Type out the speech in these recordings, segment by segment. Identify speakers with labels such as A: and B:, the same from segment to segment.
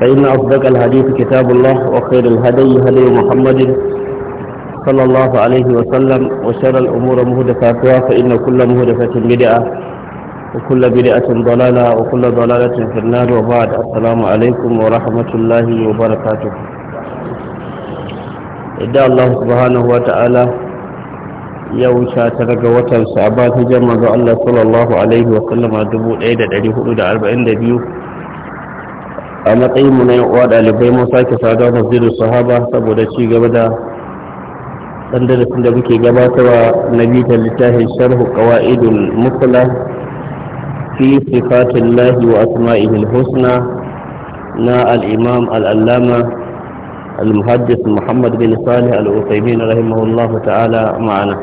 A: فإن أصدق الحديث كتاب الله وخير الهدي هدي محمد صلى الله عليه وسلم وشر الأمور مهدفاتها فإن كل مهدفة بدعة وكل بدعة ضلالة وكل ضلالة في النار وبعد السلام عليكم ورحمة الله وبركاته إدى الله سبحانه وتعالى yau sha tara ga watan sha'ban hijar manzo Allah sallallahu alaihi wa sallam a 1442 a matsayin mu na yan uwa dalibai mun sake sada masjidin sahaba saboda ci gaba da dan da muke gabatarwa na bitar littafin sharhu qawaidul musla fi sifatillahi wa asma'ihi husna na al-imam al-allama المحدث محمد بن صالح العثيمين رحمه ta'ala ma'ana.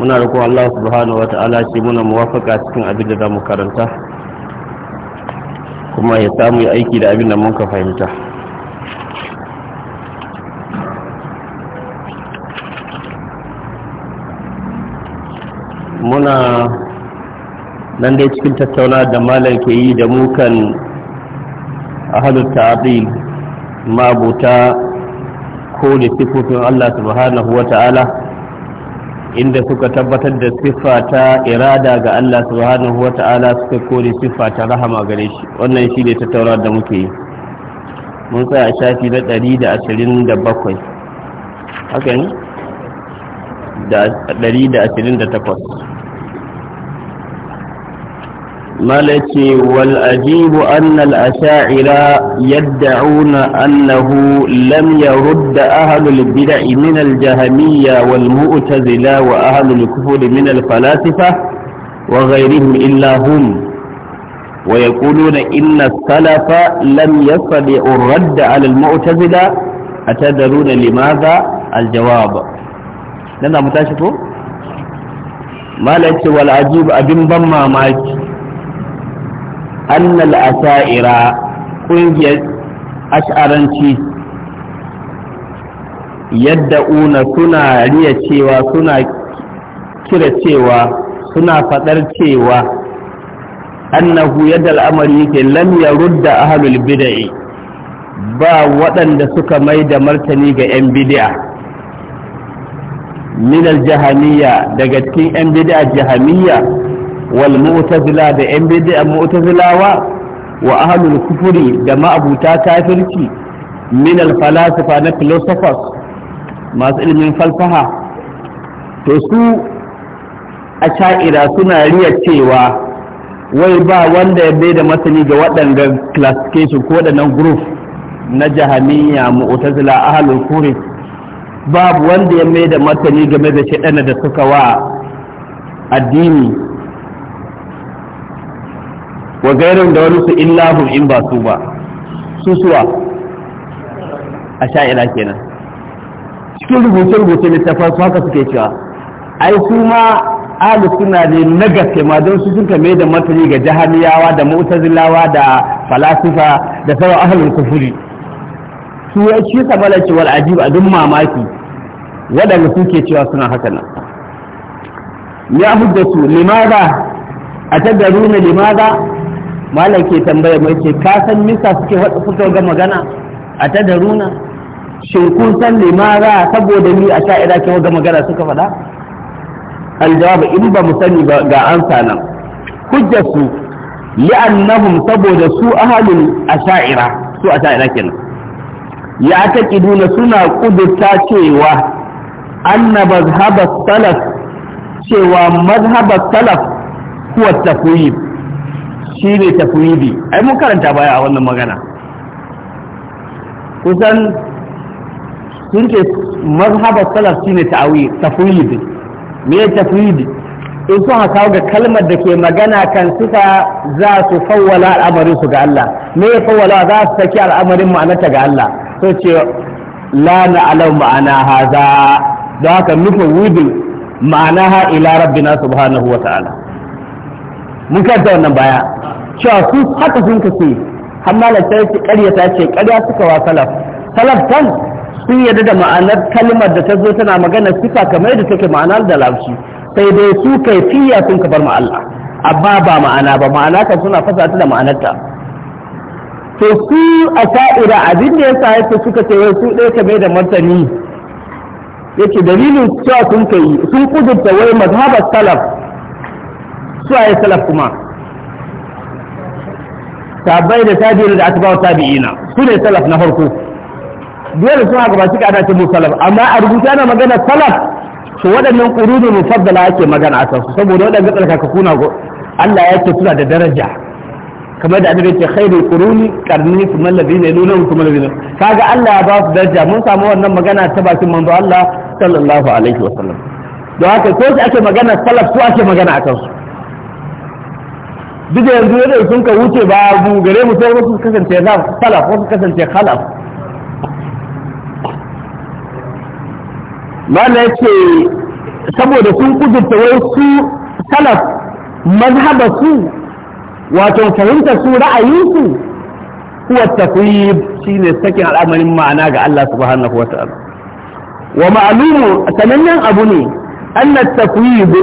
A: muna roƙon Allah subhanahu ta'ala ce muna muwafaka cikin abin da za mu karanta kuma ya samu yi aiki da abin da mun ka fahimta muna nan dai cikin tattauna da malar ke yi da mukan ahalar ta'adil mabuta ko da sifofin Allah subhanahu wa ta'ala inda suka tabbatar da siffa ta irada ga Allah subhanahu wa ta'ala suka kore siffa ta rahama gare shi wannan shi ne ta taurar da muke yi mun tsaya a shafi na 127 da ashirin da 128 ملكي والأجيب أن الأشاعرة يدعون أنه لم يرد أهل البدع من الجهمية والمؤتزلة وأهل الكفر من الفلاسفة وغيرهم إلا هم ويقولون إن السلف لم يستطيع الرد على المؤتزلة أتدرون لماذا الجواب لنا متاشفه ملكي والأجيب أبن بماماكي annal asa'ira ƙungiyar ash'aranci yadda una suna riya cewa suna kira cewa suna faɗar cewa annahu yadda al'amari yake lam ya rudda ahalul bida'i ba waɗanda suka mai da martani ga 'yan bida'a Minar jahamiya daga cikin 'yan bida'a jahamiya wal mu'tazila da yan bid'a mu'tazilawa wa ahlul kufuri da ma'abuta kafirci min al falasifa na philosophers masu ilimin falsaha to su a sha'ira suna riya cewa wai ba wanda ya bai da masani ga waɗannan classification ko waɗannan group na jahamiya mu'tazila ahlul kufuri babu wanda ya mai da game da shaɗana da suka wa addini wa gairun da wani su illahum in ba su ba su a sha'ira kenan cikin rubuce da littafin su haka suke cewa ai su ma alu suna ne na gaske ma don su sun kame da martani ga jahaniyawa da mu'tazilawa da falasifa da sauran ahalin kufuri su ya ci samala cewar ajib a duk mamaki waɗanda suke cewa suna haka nan ya hujjatu limaza a tagaruna limaza malam ke tambaya mai ce ka san misa suke fito ga magana a ta daruna shin kun san limara saboda ni a sha'ira ke ga magana suka faɗa aljawab in ba mu sani ba ga ansa nan hujjar su li'annahum saboda su ahalul asha'ira su asha'ira kenan ya taqiduna suna kudurta cewa anna mazhab salaf cewa mazhab salaf huwa tafwid shi ne tafwidi ai mun karanta baya a wannan magana kusan sun ce mazhabar salaf shi ne tafwidi me tafwidi in suka kawo ga kalmar da ke magana kan suka za su fawwala al'amarin su ga Allah me ya fawwala za su saki al'amarin ma'anarta ga Allah so ce la na'lam ma'ana haza don haka nufa wudu ma'ana ha ila rabbina subhanahu wa ta'ala mun karta wannan baya cewa su haka sun kace amma la sai ce ƙarya ta ce ƙarya suka wa salaf salaf kan sun yarda da ma'anar kalmar da ta zo tana magana sifa kamar da take ma'anar da lafi sai dai su kai fiya sun kabar ma Allah amma ba ma'ana ba ma'ana kan suna fasa ta da ma'anarta to su a sa'ira abin da ya sa yake suka ce wai su ɗaya kamar da martani yake dalilin cewa sun kai sun kudurta wai mazhabar salaf su a salaf kuma sabai da tabi'in da wa tabi'ina su ne salaf na farko dole sun haka ba su ka dace mu salaf amma a rubuta ana magana salaf to waɗannan qurudu mufaddala ake magana a akan su saboda waɗannan kuna go, Allah ya ce suna da daraja kamar da annabi ce khairul quruni qarni kuma ladina yalunhum kuma ladina kaga Allah ya ba su daraja mun samu wannan magana ta bakin manzo Allah sallallahu alaihi wasallam don haka ko ake magana salaf su ake magana akan su duk yanzu yadda sun ka wuce ba mu gare mu sai wasu kasance nan salaf wasu kasance khalaf mana yace saboda sun kudurta wai su salaf mazhaba su wato fahimta su ra'ayin su huwa tafwid shine sakin al'amarin ma'ana ga Allah subhanahu wata'ala wa ma'lumu sanannen abu ne anna tafwid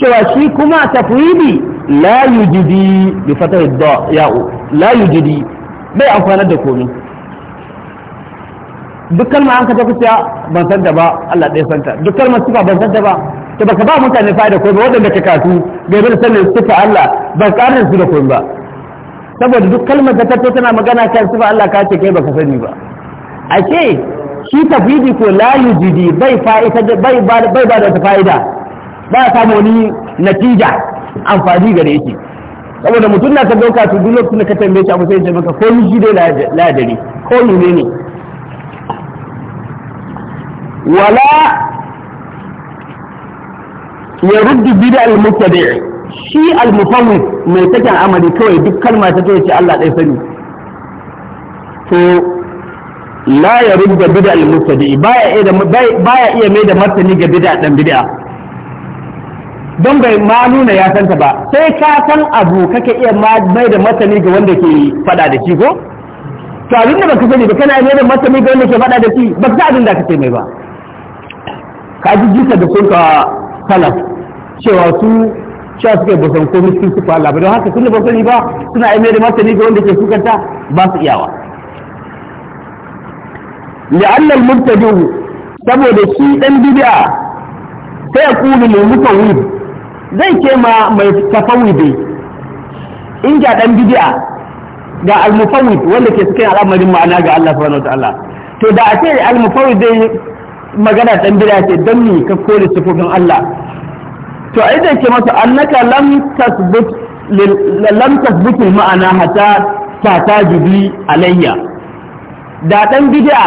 A: cewa shi kuma tafwidi la yujidi bi fatah da ya'u la yujidi bai amfanar da komai duk kalma an ka ta kusa ban san da ba Allah ɗaya santa duk kalmar sifa ban san da ba to baka ba mutane fa'ida ko ba waɗanda ka kasu bai bar sanin sifa Allah ba ƙarin su da komai ba saboda duk kalmar da ta tana magana kan sifa Allah ka ce kai baka sani ba ashe shi tafidi ko la yujidi bai fa'ida bai ba da fa'ida ba ya samu wani natija amfani gare shi saboda mutum na ka dauka su duk lokacin da ka tambaye shi abu sai ya maka ko ni shi dai ladari ko ni ne ne wala ya ruddu bida al-mubtadi shi al-mufawwid mai take amali kawai duk kalma ta ce Allah dai sani to la ya rubda bid'a al-mubtadi baya iya baya iya mai da martani ga bid'a dan bid'a don bai ma nuna ya santa ba sai ka san abu kake iya mai da masani ga wanda ke fada da shi ko to abin da baka sani ba kana mai da masani ga wanda ke fada da shi ba ka abin da kake mai ba ka ji jisa da sun ka salaf cewa su cewa suke bosan san komai su Allah ba don haka sun da ba sani ba suna mai da masani ga wanda ke sukanta ba su iyawa la'alla al-mubtadi saboda shi dan bid'a sai ya kulu lil mutawwid zai ce ma mai tafawidi in ga dan bid'a ga al-mufawwid wanda ke cikin al'amarin ma'ana ga Allah subhanahu wataala to da a ce al-mufawwid dai magana dan bid'a ce dan ne ka kore sifofin Allah to ai da ke masa annaka lam tasbut lam tasbut ma'ana hatta ta tajibi alayya da dan bid'a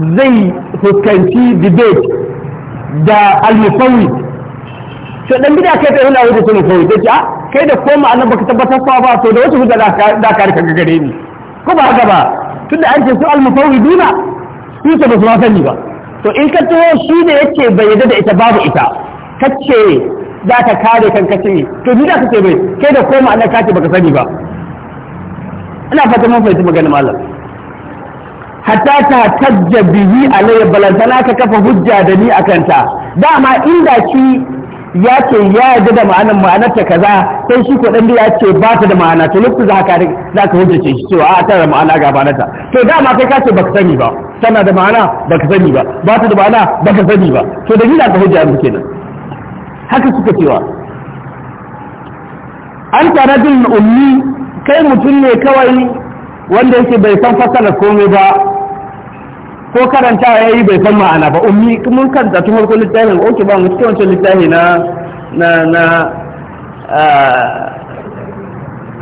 A: zai fuskanci debate da al-mufawwid sai dan bid'a kai ta yana wuce sun koyi ta ce kai da ko ma'ana baka tabbatar fa ba to da wasu hujja da ka rika gare ni ko ba haka ba tunda an ce su al-mufawwiduna su ta ba su sani ba to in ka taho shi da yace bai yadda da ita babu ita kace za ka kare kanka ne to ni da kace bai kai da ko ka ce baka sani ba ina fata mun fahimci maganar malam hatta ta tajja bihi alayya balantana ka kafa hujja da ni akan ta dama inda ki ya ce ya yarda da ma'anar ma'anar ta kaza sai shi ko dan ya ce ba ta da ma'ana to lokacin za ka za ka hujjace shi cewa a tana da ma'ana ga ma'anar to to dama kai ka ce baka sani ba tana da ma'ana baka sani ba ba ta da ma'ana baka sani ba to da ni za ka hujja mu kenan haka suka cewa an tare da ummi kai mutum ne kawai wanda yake bai san fasalar komai ba ko karanta ya yi bai san ma'ana ba ummi mun kan zata farko littafin oke ba mu cikin wancan littafi na na na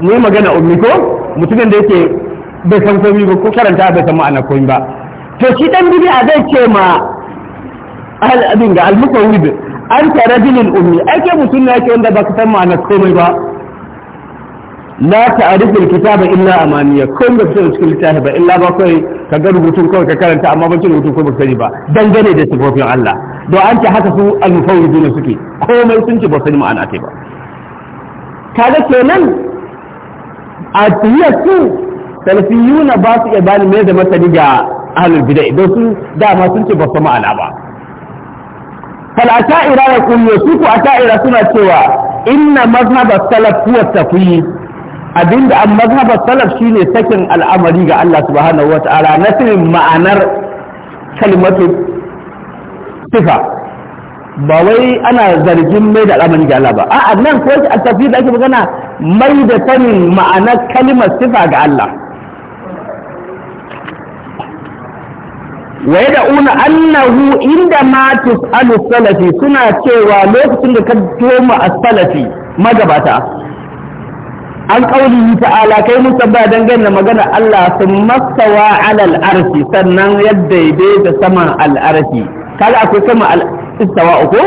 A: ne magana ummi ko mutumin da yake bai san komai ba ko karanta bai san ma'ana komai ba to shi dan bid'a zai ce ma al abin ga al-mutawwid an tarajilul ummi ai ke mutum ne yake wanda ba ka san ma'ana komai ba la ta'rifu alkitaba illa amaniya kun da fitar cikin littafi ba illa ba kai ka ga rubutun kawai ka karanta amma ban rubutun ko baka sani ba dangane da sifofin Allah Do an ce haka su al-mufawwiduna suke komai sun ce ba sani ma'ana ta ba kaga kenan a tiyar su salafiyuna ba su iya bani mai da masani ga ahlul bid'a don su dama sun ce ba su ma'ana ba fal asha'ira yaqulu su ku asha'ira suna cewa inna mazhab as-salaf huwa at-tafwid Abin da an mazhabar salaf shine sakin al'amari ga Allah subhanahu na sirin ma'anar kalimatu sifa ba wai ana zargin mai da al'amari ga Allah ba a'a nan ko a tafi da ake magana mai da sanin ma'anar kalmar sifa ga Allah wa da una annahu inda ma tus'alu salafi suna cewa lokacin da ka toma as-salafi magabata an yi ta'ala kai musa ba dangane magana Allah sun masawa alal arshi sannan yadda ya da saman al'arshi kaga akwai sama al'istawa uku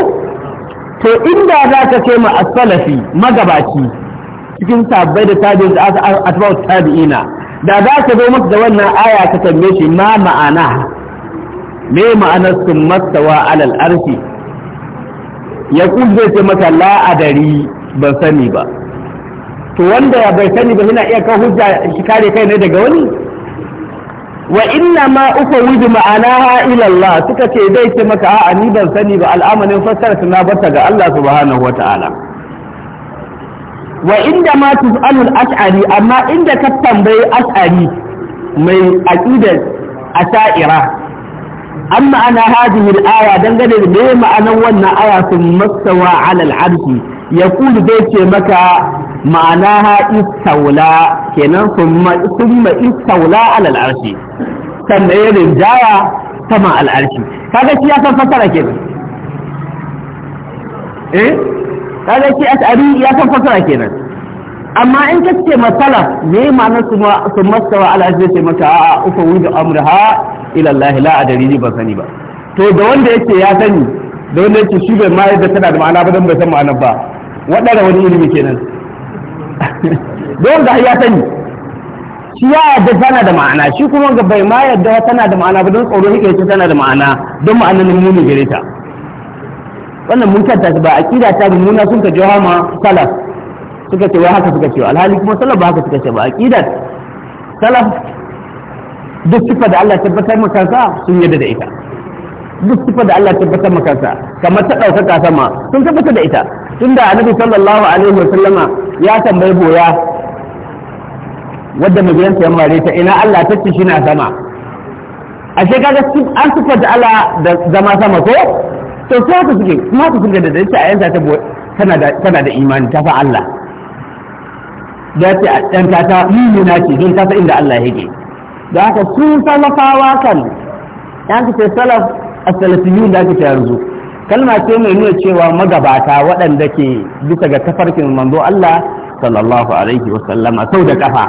A: to inda za ka ce ma asalafi magabaci cikin sabbai da tabi'in da aka atbau tabi'ina da za ka zo masa da wannan aya ka tambaye shi ma ma'ana me ma'anar sun masawa alal arshi ya zai ce maka la'adari ban sani ba to wanda bai sani ba yana iya kan hujja shi kare kai ne daga wani wa inna ma uku wuji ma'anaha ila suka ce zai ce maka a'a ni ban sani ba al'amarin fassara na bata ga Allah subhanahu wata'ala wa inda ma tus'alu al-ash'ari amma inda ka tambayi ash'ari mai aqidar asha'ira an ma'ana hadhihi al-aya dangane da me ma'anan wannan aya sun mastawa 'ala al-'arshi yaqulu zai ce maka ma'ana ha istaula kenan summa istaula alal arshi sannan san fasara kenan eh kaga shi as'ari ya san fasara kenan amma in ka ce masala me ma'anar su mastawa al arshi sai maka a'a ufa wuju amraha ila Allah sani ba to da wanda yake ya sani da wanda yake shi bai ma yadda tana da ma'ana ba don bai san ma'anar ba waɗanda wani ilimi kenan Don ga ya sani shi ya yarda tana da ma'ana shi kuma ga bai ma yarda tana da ma'ana ba don tsoro yake ce tana da ma'ana don ma'ana ma'anar muni gare ta wannan mun kanta ba aqida ta mummuna sun ka jawa ma salaf suka ce wai haka suka ce alhali kuma salaf ba haka suka ce ba aqidat salaf duk sifa da Allah tabbatar maka sa sun yarda da ita duk sifa da Allah tabbatar maka sa kamar ta daukaka sama sun tabbatar da ita tunda annabi sallallahu alaihi wasallama ya tambayi boya wadda mai gidansa ya mare ta ina Allah ta ce na sama ashe kaga an sifanta Allah da zama sama ko to su haka suke kuma haka suke da dace a yanta ta tana da imani ta fa Allah da ce a yanta ta mummuna ce don ta inda Allah yake da haka su salafawa kan yan ce salaf as-salafiyun da ake yanzu kalma ce mai nuna cewa magabata waɗanda ke duka ga tafarkin manzo Allah sallallahu alaihi wa sallama sau da kafa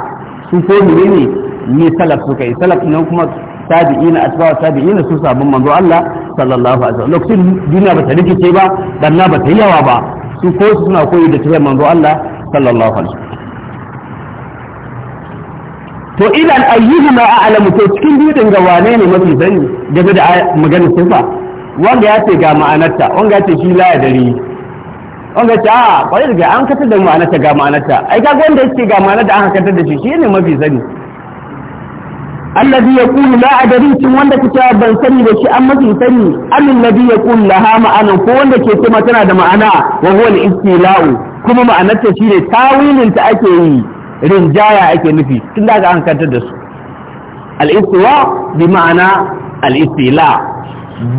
A: su ko ne ni salaf suka yi salaf nan kuma tabi'ina asbawa tabi'ina su sabon manzo Allah sallallahu alaihi wasallam lokacin duniya ba ta rikice ba na ba ta yawa ba su ko su suna koyi da tafiyar manzo Allah sallallahu alaihi wasallam to idan ayyuhu ma a'lamu to cikin biyu da ga ne mafi sani game da maganar sifa wanda ya ce ga ma'anarta wanda ya ce shi la ya dare wanda ce a kwarai da an katar da ma'anarta ga ma'anarta ai ga wanda yake ga ma'anar da katar da shi shine mafi sani alladhi yaqulu la adri cin wanda kace ban sani da shi an mafi sani alladhi yaqulu laha ma'anan ko wanda ke kuma tana da ma'ana wa huwa al-istila'u kuma ma'anarta shine tawilin ta ake yi rinjaya ake nufi tun da an katar da su al-istiwa bi ma'ana al-istila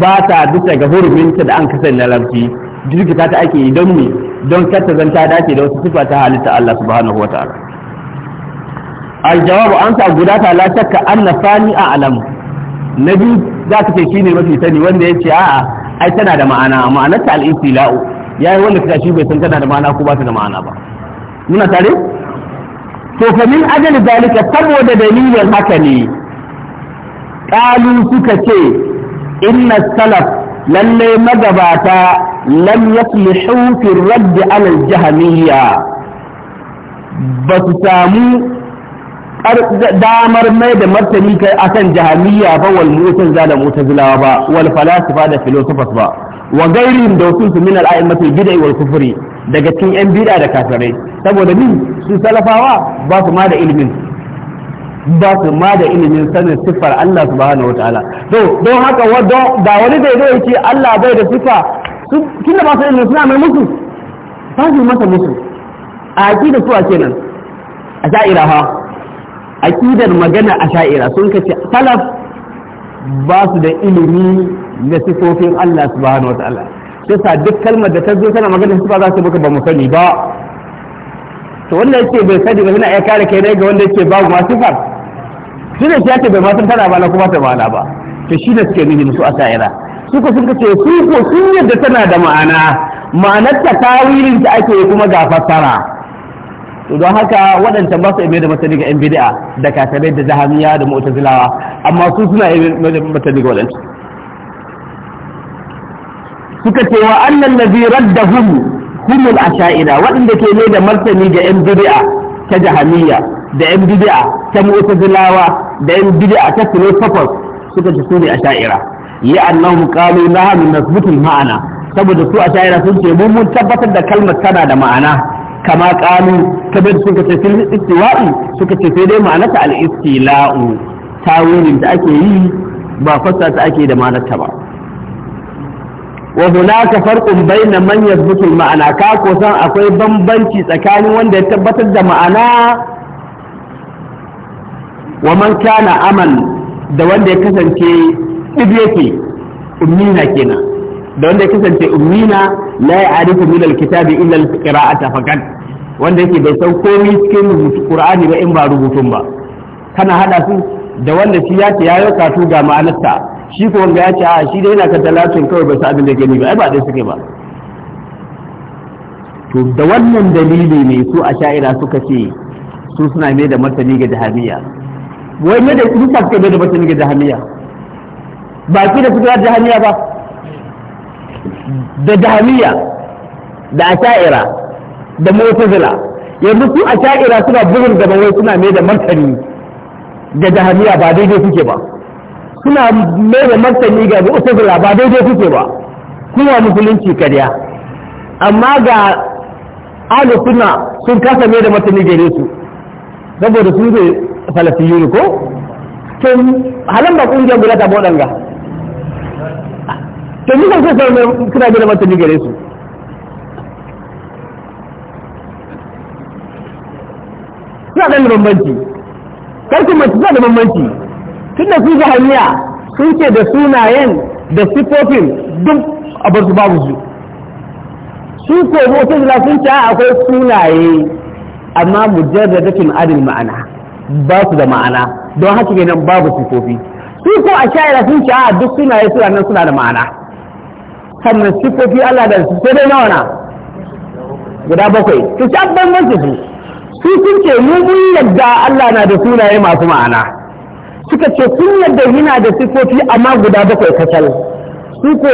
A: ba ta bisa ga hurumin ta da an kasance larabci jirgita ta ake don me don zan ta dace da wasu sifa ta halitta Allah subhanahu wa ta'ala aljawabu an sa guda ta la shakka anna fani a alam na biyu za ka ce shine mafi sani wanda ya ce a'a ai tana da ma'ana ma'anar ta al-istila'u yayi wanda ta shi bai san tana da ma'ana ko ba ta da ma'ana ba muna tare to fa min ajali zalika saboda dalilin haka ne qalu suka ce inna salaf lalle magabata lam yaflihu fi radd ala al-jahmiyya ba su samu damar mai da martani kai akan jahmiyya ba wal mu'tazila da mu'tazilawa ba wal falasifa da philosophers ba wa gairin da wasu min al-a'immati bid'i wal kufri daga cikin yan bid'a da kafirai saboda min su salafawa ba su ma da ilimin ba su ma da ilimin sanin siffar Allah subhanahu wa ta'ala to don haka da wani bai zai ce Allah bai da siffa tun da ba su ilimin suna mai musu ba su masa musu a aƙida su a kenan a sha'ira ha aƙidar magana a sha'ira sun kace salaf ba su da ilimi na sifofin Allah subhanahu wa ta'ala sai sa duk kalmar da ta zo tana magana su ba za su muka ba mu sani ba to wanda yake bai sani ba suna iya kare kai ne ga wanda yake babu ma sifar shi ne shi yake bai ma san tana ba na kuma ta ba ba to shi da suke nuni su a sha'ira suka suka ce su ko sun yadda tana da ma'ana ma'anar ta tawilin ta ake kuma ga fassara to don haka waɗanda ba su da matani ga 'yan da kasabe da jahamiya da mu'tazilawa amma su suna da matani ga waɗancan suka ce wa annan ladhi raddahum humul asha'ira waɗanda ke ne da martani ga 'yan ta jahamiya da 'yan ta mu'tazilawa da 'yan ta filosofos suka ce su ne asha'ira li annahum qalu nahnu nasbutu al-ma'ana saboda su ashaira sun ce mun mun tabbatar da kalmar tana da ma'ana kama qalu kabar suka ce fil istiwa'i suka ce sai dai ma'anarta al-istila'u tawilin da ake yi ba fassa ta ake da ma'anarta ba wa hunaka farqun bayna man yathbutu maana ka ko san akwai bambanci tsakanin wanda ya tabbatar da ma'ana wa man kana aman da wanda ya kasance duk yake ummina kenan da wanda kasance ummina la ya'rifu min alkitabi illa alqira'ata faqat wanda yake bai san komai cikin rubutu qur'ani ba in ba rubutun ba kana hada su da wanda shi ya ce yayi katu ga ma'anarta shi ko wanda ya ce a shi dai yana kan talatin kawai ba sa abin da gani ba ai ba dai suke ba to da wannan dalili ne su a sha'ira suka ce su suna mai da matani ga jahamiya wai ne da su suka mai da matani ga jahamiya ba ki da suka yi jahamiya ba da jahamiya da asha'ira da mutazila yanzu su asha'ira suna bugun da wai suna mai da martani ga jahamiya ba daidai suke ba suna mai da martani ga mutazila ba daidai suke ba kuma musulunci kariya amma ga ahlu sunna sun kasa mai da martani gare su saboda su ne falasiyuni ko to halin ba kungiyar guda ta waɗanga to ni kan sai kuna gina mata ni gare su suna da bambanci karkin mace suna da bambanci da su jahaniya sun ce da sunayen da sifofin duk a bar su babu su su ko mu'tazila sun ce akwai sunaye amma mujarradatin adil ma'ana ba su da ma'ana don haka kenan babu sifofi su ko a shayara sun ce a duk sunaye suna nan suna da ma'ana kamar sifofi Allah da su sai dai nawa na guda bakwai su sha bambanci su su sun ce mu mun yadda Allah na da sunaye masu ma'ana suka ce sun yadda yana da sifofi amma guda bakwai kacal su ko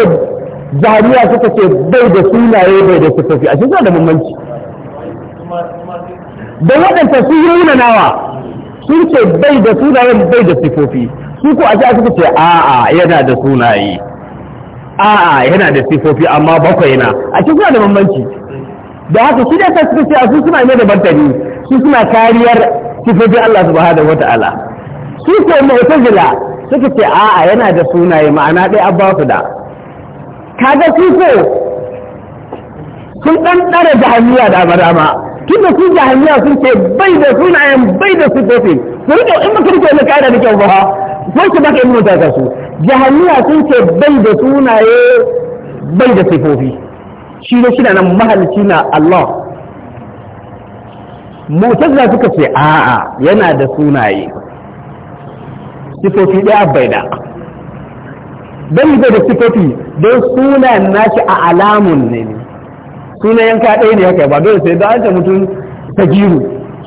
A: jami'a suka ce bai da sunaye bai da sifofi a cikin da bambanci da waɗanta su yi nawa sun ce bai da sunayen bai da sifofi su ko a ji suka ce a'a yana da sunaye a'a yana da sifofi amma bakwai na a cikin suna da bambanci da haka shi da tasbih sai su suna ne da bantani su suna kariyar sifofi Allah subhanahu wata'ala su ko mu'tazila suka ce a'a yana da sunaye ma'ana dai abba su da kaga su ko sun dan da jahiliya da madama tun da su jahiliya sun ce bai da sunayen bai da sifofi su rike in mutum ke na kada da kyau ba sai ka baka ilmin ta su jahanniya sun ce bai da sunaye bai da sifofi shi ne shi nan mahalci na Allah mutazila suka ce a'a yana da sunaye sifofi ɗaya bai da bai da da sifofi don sunan nashi a alamun ne sunayen ka ɗaya ne haka ba dole sai da an ta mutum tajiru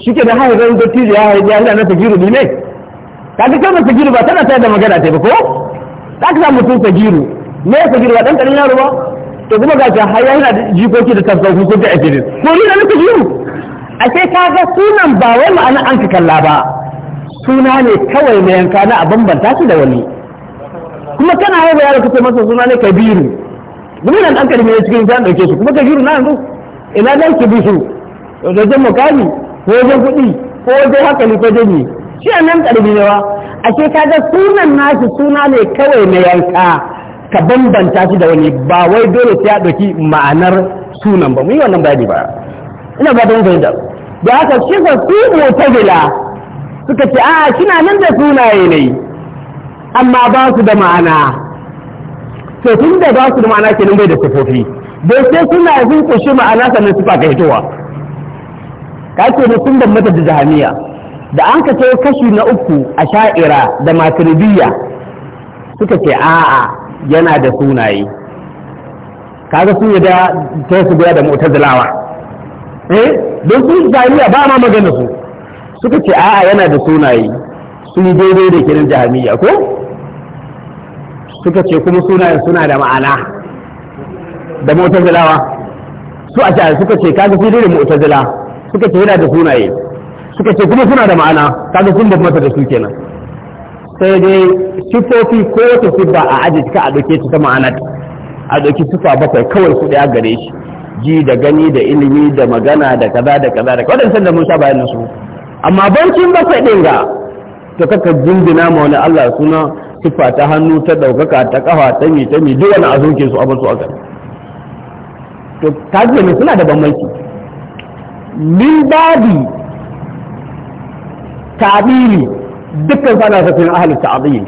A: shi ke da haifar da tijiya ya haifar na tajiru ne kaga kalmar sagiru ba tana tayar da magana ta ba ko za ka samu mutum sagiru me ya sagiru ba ɗan ƙarin yaro ba to kuma ga shi har yana da jikoki da tafsauku ko ta ajirin ko ni da nake sagiru ka ga sunan ba wai ma'ana an ka kalla ba suna ne kawai na yanka na a bambanta shi da wani kuma kana haihuwa yaro kace masa suna ne kabiru domin nan ɗan kalmi ne cikin zan ɗauke su kuma kabiru na yanzu ina dan ki bisu su? jan mukami ko wajen kuɗi ko wajen hakali ko jami'i shi nan karbi ne wa ashe kaga sunan nasu suna ne kawai na yanka ka bambanta shi da wani ba wai dole sai ya ɗauki ma'anar sunan ba mu yi wannan bayani ba ina ba don fahimta da haka shi ka su mutabila suka ce a kina nan da sunaye ne amma ba su da ma'ana to tun da ba su da ma'ana kenan bai da sufofi bai sai suna sun kushe ma'ana sannan sifa ka hitowa ka ce ne sun da mata da jahaniya da an ka ce kashi na uku a sha'ira da maturidiyya suka ce a'a yana da sunaye kaga sun da ta su guda da zilawa. eh don sun jami'a ba ma magana su suka ce a'a yana da sunaye sun yi daidai da kiran jami'a ko suka ce kuma sunaye suna da ma'ana da zilawa? su a suka ce kaga su da mu'tazila suka ce yana da sunaye suka ce kuma suna da ma'ana kaga sun bambanta da su kenan sai dai sifofi ko wata sifa a ajiye ka a ɗauke ta ma'ana a ɗauki siffa bakwai kawai su daya gare shi ji da gani da ilimi da magana da kaza da kaza da waɗansu da mun sha bayanin su amma bancin bakwai ɗin ga to kaka jingina ma wani Allah suna sifa ta hannu ta ɗaukaka ta ƙafa ta mi ta mi duk wani a zoke su abin su a gare to ne suna da bambanci min babi ta'dili dukkan sana sa cikin ahli ta'dil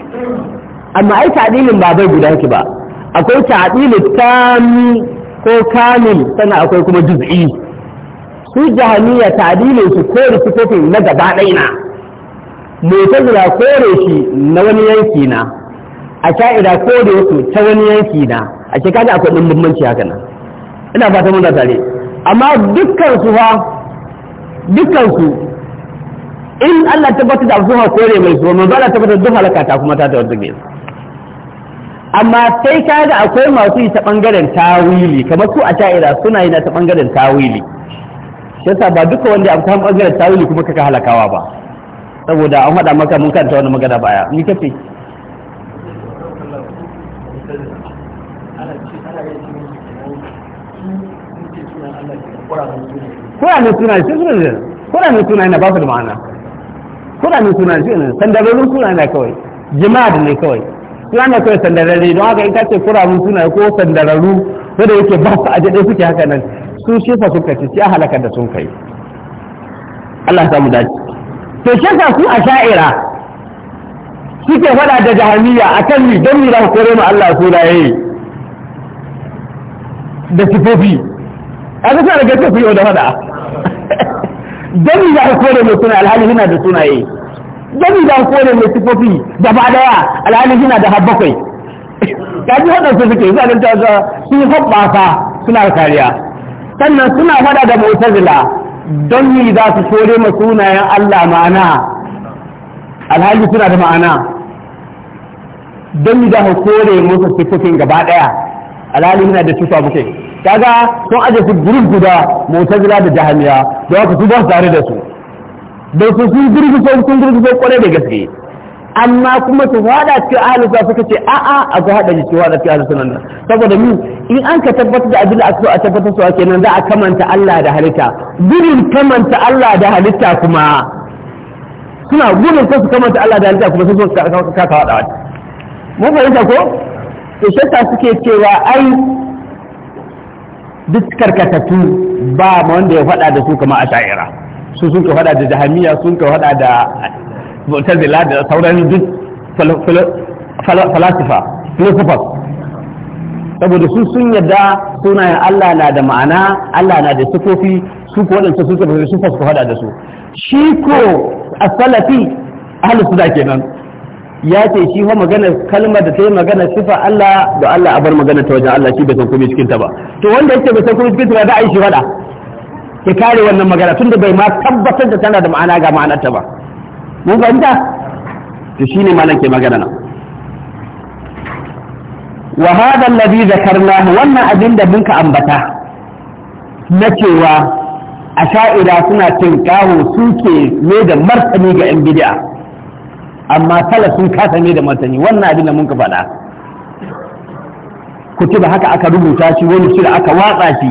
A: amma ai ta'dilin ba bai guda yake ba akwai ta'dilu tami ko kamil sannan akwai kuma juz'i su jahaniya ta'dilin su kore sifofin na gaba ɗaya na mutazila kore shi na wani yanki na a sha'ira kore su ta wani yanki na a ce kaga akwai ɗin bambanci haka nan ina fata mun da tare amma dukkan su fa dukkan su in Allah tabbatar da abu kore mai su manzo Allah tabbatar duk halaka ta kuma ta tabbata gare amma sai ka ga akwai masu yi ta bangaren tawili kamar su a sha'ira suna yi na ta bangaren tawili shi ba duka wanda abu ta bangaren tawili kuma kaka halakawa ba saboda an haɗa maka mun kanta wani magana baya ni kace Kuranin suna, shi suna, kuranin suna yana ba su da ma'ana. kuranin suna shi ne sandarorin suna na kawai jima'a ne kawai suna ne kawai sandararre don haka ita ce kuranin suna ko sandararru da yake ba su aje dai suke haka nan su shi sa suka ci ya halaka da sun kai Allah mu dace to shi sa su a sha'ira suke faɗa da jahamiya a kan ni don ni da kore mu Allah sunaye da sifofi a ga sai daga ce ku yi da faɗa dan da aka kore mai suna alhali yana da sunaye dan da aka kore mai sifofi gaba daya alhali yana da har bakwai kaji waɗansu suke zalin ta ga sun hoɓɓasa suna kariya sannan suna faɗa da mu'tazila don ni za su kore mai sunayen Allah ma'ana alhali suna da ma'ana don ni za su kore musu sifofin gaba daya alhali yana da sifofi kaga sun aje su guruf guda mu'tazila da jahamiya da haka su ba su tare da su da su sun girgizo sun sun kwarai da gaske amma kuma su hada cikin ahlus suka ce a'a a ga hada cikin hada cikin ahlus nan, saboda mu in an ka tabbatar da abin da aka so a tabbatar su kenan za a kamanta Allah da halitta gurin kamanta Allah da halitta kuma suna gudun su kamanta Allah da halitta kuma sun so ka ka hada mu fahimta ko to shakka suke cewa ai duk karkatattu ba ma wanda ya faɗa da su kama a sha'ira su sun ka faɗa da jahamiya sun ka faɗa da mu'tazila da sauran duk falasifa philosophers saboda su sun yadda sunayen Allah na da ma'ana Allah na da sufofi su ko waɗansu su ka faɗa da su shi ko a salafi ahalus da kenan ya ce shi fa magana kalmar da ta yi magana sifa Allah da Allah a bar magana ta wajen Allah shi bai san komai cikin ta ba to wanda yake bai san komai cikin ta ba da ai shi faɗa ki kare wannan magana tunda bai ma tabbatar da tana da ma'ana ga ma'anar ta ba mun fahimta to shine malan ke magana nan wa hada alladhi zakarnahu wannan abin da mun ka ambata na cewa asha'ira suna tinkawo suke ne da martani ga yan bid'a amma salaf sun kasa ne da martani wannan abin da mun ka faɗa kutuba haka aka rubuta shi wani shi aka watsa shi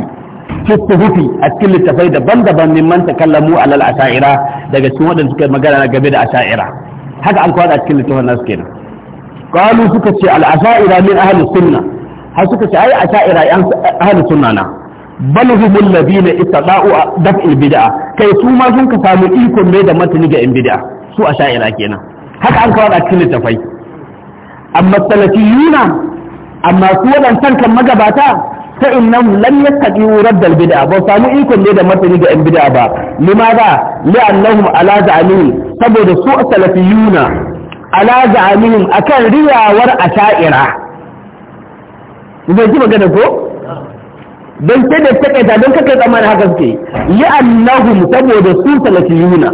A: cikin hufi a cikin littafai daban-daban mimman takallamu alal asha'ira daga cikin waɗanda suka magana na game da asha'ira haka an kwada cikin littafin nasu kenan qalu suka ce al asha'ira min ahli sunna har suka ce ai asha'ira yan ahli sunna na bal hum alladhina istada'u daf'il bid'a kai su ma sun ka samu ikon mai da martani ga in bid'a su asha'ira kenan haka an kawo a cikin littafai amma salafi yuna, amma su waɗancan kan magabata ta innam lam yastati'u raddal bid'a ba samu ikon ne da martani ga yan bid'a ba li annahum ala za'amin saboda su salafi yuna ala za'amin akan riyawar asha'ira idan ji magana ko don sai da da dan kake tsammanin haka suke annahum saboda su salafi yuna,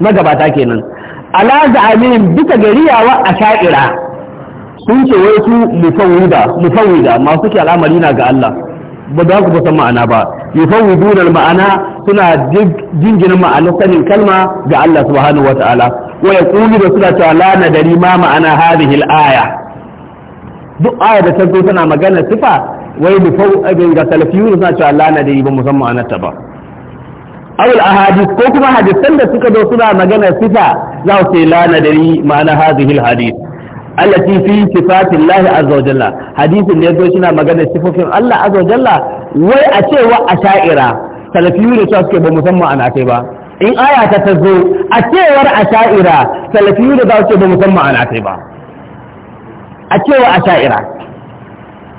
A: magabata kenan ala za'amin duka gariyawa a sha'ira sun ce wai su mufawwida mufawwida masu ke al'amari na ga Allah ba za ku san ma'ana ba yufawwidun ma'ana suna jingina ma'anar sanin kalma ga Allah subhanahu wata'ala wa yaqulu da suna cewa la nadari ma ma'ana hadhihi al-aya duk aya da ta zo tana magana sifa wai mufawwidun ga salafiyun suna cewa la nadari ba musamman ma'anar ta ba awul ahadis ko kuma hadisan da suka zo suna magana sifa za su ce la nadari ma'ana hadhihi alhadis allati fi sifatillahi azza wa jalla hadisin da zo suna magana sifofin Allah azza wa jalla wai a cewa asha'ira salafiyu ne cewa suke ba musamman ana kai ba in aya ta tazo a cewar asha'ira salafiyu ne ba suke ba musamman ana kai ba a cewa asha'ira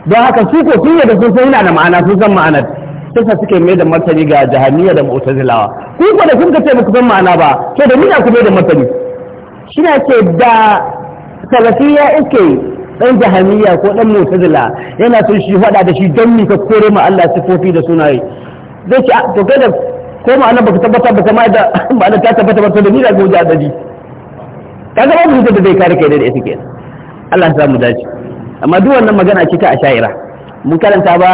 A: don haka su ko sun yadda sun san yana da ma'ana sun san ma'anar sai suke mai da martani ga jahaniya da mu'tazilawa ku ko da kun ka ce muku san ma'ana ba to da mina ku mai da martani shine ce da salafiya iske dan jahaniya ko dan mu'tazila yana son shi fada da shi don mi ka kore ma Allah sifofi da sunaye zai ce to kai da ko ma'ana baka tabbata ba kamar da ma'ana ta tabbata ba to da mina ko ja daji kaga ba mu da zai kare kai da ita kenan Allah ya samu dace amma duk wannan magana ce ta a sha'ira mun karanta ba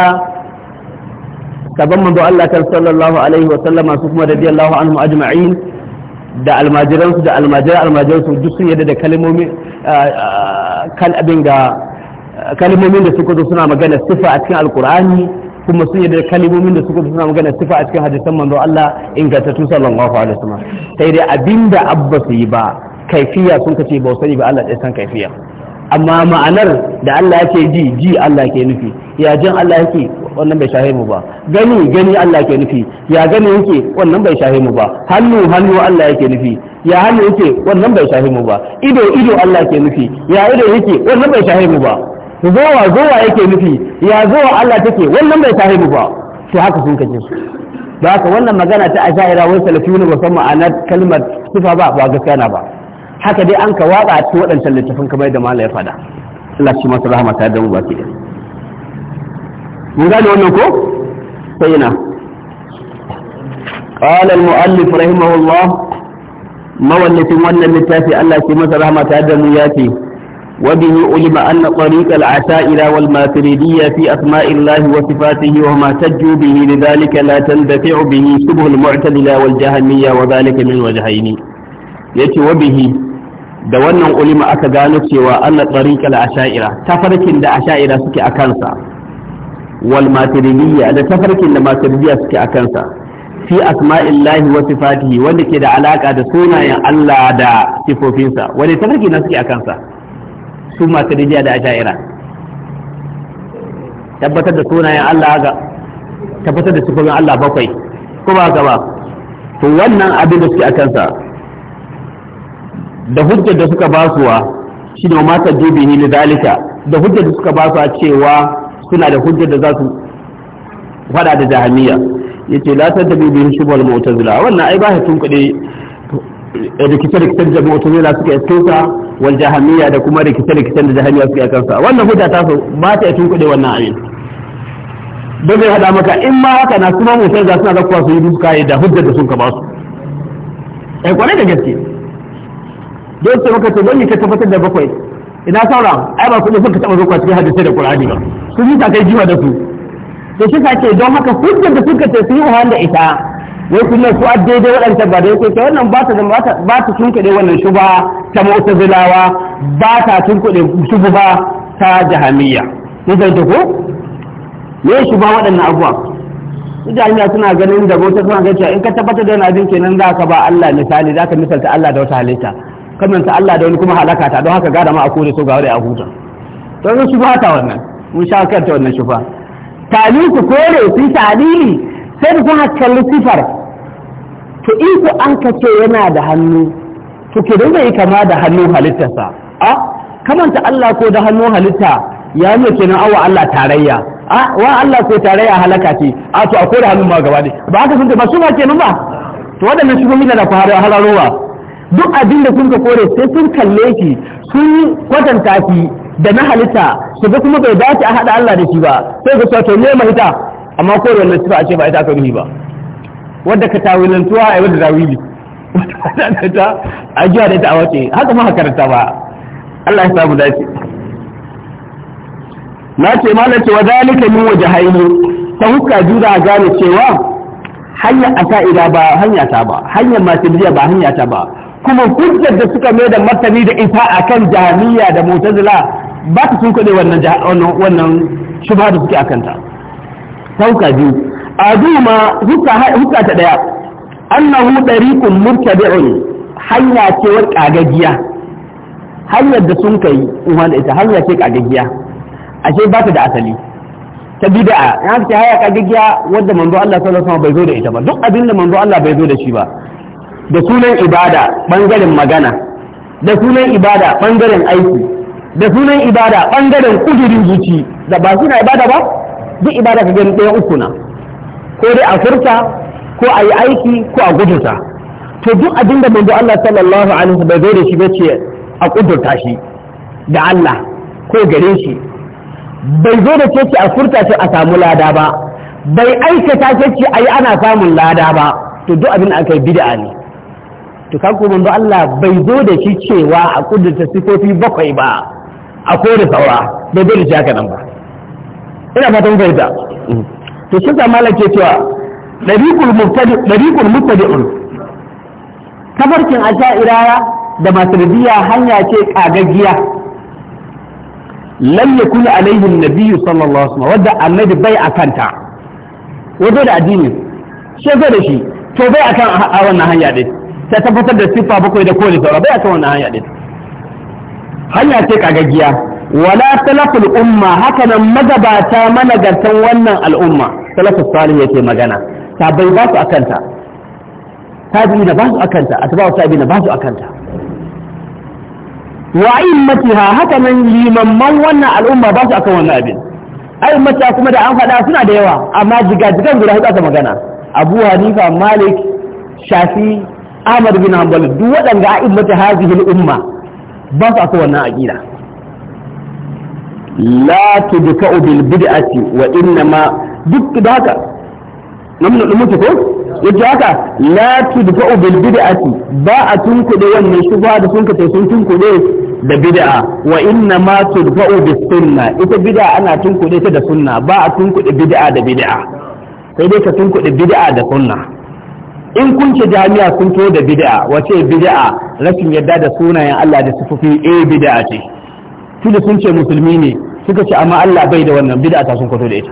A: saban manzo Allah sallallahu alaihi wa sallama su kuma radiyallahu anhu ajma'in da almajiransu da almajiran almajiransu duk sun yadda da kalmomi kan abin ga kalmomin da suka zo suna magana sifa a cikin alkur'ani kuma sun yadda kalmomin da suka zo suna magana sifa a cikin hadisan manzo Allah ingantattu sallallahu alaihi wasallam sai dai abinda abba su yi ba kaifiya sun kace ba sani ba Allah dai san kaifiya amma ma'anar da Allah yake ji ji Allah ke nufi ya jin Allah yake wannan bai shahe mu ba gani gani Allah ke nufi ya gani yake wannan bai shahe mu ba hannu hannu Allah yake nufi ya hannu yake wannan bai shahe mu ba ido ido Allah ke nufi ya ido yake wannan bai shahe mu ba zowa zowa yake nufi ya zowa Allah take wannan bai shahe mu ba to haka sun kace su Ba haka wannan magana ta ashaira wai salafiyuna ba san ma'anar kalmar sifa ba ba gaskiya na ba haka dai an ka waka a cikin waɗancan littafin kamar yadda malam ya faɗa Allah shi masa rahama ta da mu baki shi mun gane wannan ko sai ina qala al muallif rahimahullah mawallafin wannan littafi Allah ke masa rahama ta da mu yace wa bihi ulima anna tariq al asaira wal fi asma'i Allah wa sifatihi wa ma tajju bihi lidhalika la tandafi'u bihi subh al mu'tadila wal wa dhalika min wajhayn yace wa bihi da wannan ulima aka gano cewa anna tariq al tafarkin da asaira suke kansa. wal da tafarkin da maturidiyya suke a kansa fi asma'illahi wa sifatihi wanda ke da alaka da sunayen Allah da sifofinsa wanda tafarki na suke a kansa su maturidiyya da asha'ira tabbatar da sunayen Allah ga tabbatar da sifofin Allah bakwai ko ba ga ba to wannan abin da suke a kansa da hujjar da suka basuwa shi ne ma ta dubi ni da da hujjar da suka basuwa cewa suna da hujjar da za su fada da jahamiya ce latar da dabi bi shubal mu'tazila wannan ai ba hatun kuɗi rikice-rikicen da mu'tazila suka iskinsa wal jahamiya da kuma rikice-rikicen da jahamiya suka kansa wannan hujja ta so ba ta tun kuɗi wannan ayin don zai hada maka in ma haka na motar da suna zakuwa su yi duka da hujjar da sun ka ba su ai eh, kwarai da gaske don sai maka to don ka tabbatar da bakwai ina saura ai ba su ne suka taba zuwa cikin hadisi da qur'ani ba su ji kai jiwa da su to shi sake don haka hujjar da suka ce su yi wahala ita wai ne su addaidai waɗanda ba da yake wannan ba ta ba ta tunkuɗe wannan shuba ta mu'tazilawa ba ta tunkuɗe shuba ta jahamiyya ne da ko me shuba waɗannan abuwa. su jami'a suna ganin da bauta suna ganin in ka tabbatar da yana jin kenan za ka ba Allah misali za ka misalta Allah da wata halitta kamanta Allah da wani kuma halaka ta don haka gada ma a kore so ga wani a huta to zan shufa ta wannan mun sha ta wannan shufa tali ku kore su talili sai da kuma kalli sifar to in ku an kace yana da hannu to ke don zai kama da hannu halittarsa a kamanta Allah ko da hannu halitta ya ne kenan awa Allah tarayya a wa Allah ko tarayya halaka ce a to akwai da hannu ma gaba ne ba haka sun ce ba su ba kenan ba to waɗannan shugabanni da na a halarowa duk abin da kun ka kore sai sun kalle ki, sun kwatanta ki da na halitta su ga kuma bai dace a haɗa Allah da shi ba sai ga to ne mahita amma kore wannan sifa a ce ba ita ka ruhi ba wadda ka tawilantuwa a da zawili a jiya da ta a wace haka ma karanta ba Allah ya samu dace na ce malam ce wa zalika min wajhaini ta huska jura gane cewa hanya asa ida ba hanya ta ba hanyar masu ba hanya ta ba kuma hujjar da suka mai da martani da ita akan jami'a da mutazila ba ta sun kuɗe wannan wannan shubha da suke akanta sauka biyu azuma hukka ta daya annahu dariqun murtabi'un hanya ce wa kagagiya hanyar da sun kai wanda ita hanya ce kagagiya ashe ba ta da asali ta bid'a ya ce haya kagagiya wanda manzo Allah sallallahu alaihi wasallam bai zo da ita ba duk abin da manzo Allah bai zo da shi ba da sunan ibada ɓangaren magana da sunan ibada ɓangaren aiki da sunan ibada ɓangaren kudurin zuci da ba suna ibada ba duk ibada ka gani ɗaya uku na ko dai a furta ko a yi aiki ko a gudurta to duk abin da manzo Allah sallallahu alaihi wa sallam da shi bace a kudurta shi da Allah ko gare shi bai zo da ce a furta shi a samu lada ba bai aikata ce a yi ana samun lada ba to duk abin da aka yi bid'a ne to kaku manzo Allah bai zo da shi cewa a kudurta sifofi bakwai ba a kore saura bai zo da shi haka nan ba ina fatan fahimta mm. to shi zamala ke cewa dariqul kafarkin a asha'ira da masribiya hanya ce ƙagaggiya lam yakun alaihi na nabiyyu sallallahu alaihi wasallam wadda annabi bai akanta wato da addini shi zo da shi to bai akan a wannan hanya dai ta tabbatar da siffa bakwai da kowane sauran bai akan wannan hanya din hanya ce kagaggiya wala talafin umma haka nan magabata managartan wannan al'umma salafus salih yake magana sabai ba su akanta tabi'i na ba su akanta atba'u tabi'i na ba su akanta wa a'immatiha haka nan limamman wannan al'umma ba su akan wannan abin a'immatiha kuma da an faɗa suna da yawa amma jigajigan guda hudu aka magana abu hanifa malik shafi Amar bin Hanbal duk waɗanda a'immatu hadhihi al-umma ba su so wannan aqida la tudka'u bil bid'ati wa inna ma duk da haka nan mun mutu ko yace haka la tudka'u bil bid'ati ba a tunkude wannan shubha da sun kace sun tunkude da bid'a wa inna ma tudka'u bis sunna ita bid'a ana tunkude ta da sunna ba a tunkude bid'a da bid'a sai dai ka tunkude bid'a da sunna in kun ce jami'a kun to da bid'a wace bid'a rashin yadda da sunayen Allah da sifofi a eh, bid'a ce tunda sun ce musulmi ne suka ce amma Allah bai da wannan bid'a ta sun kwato da ita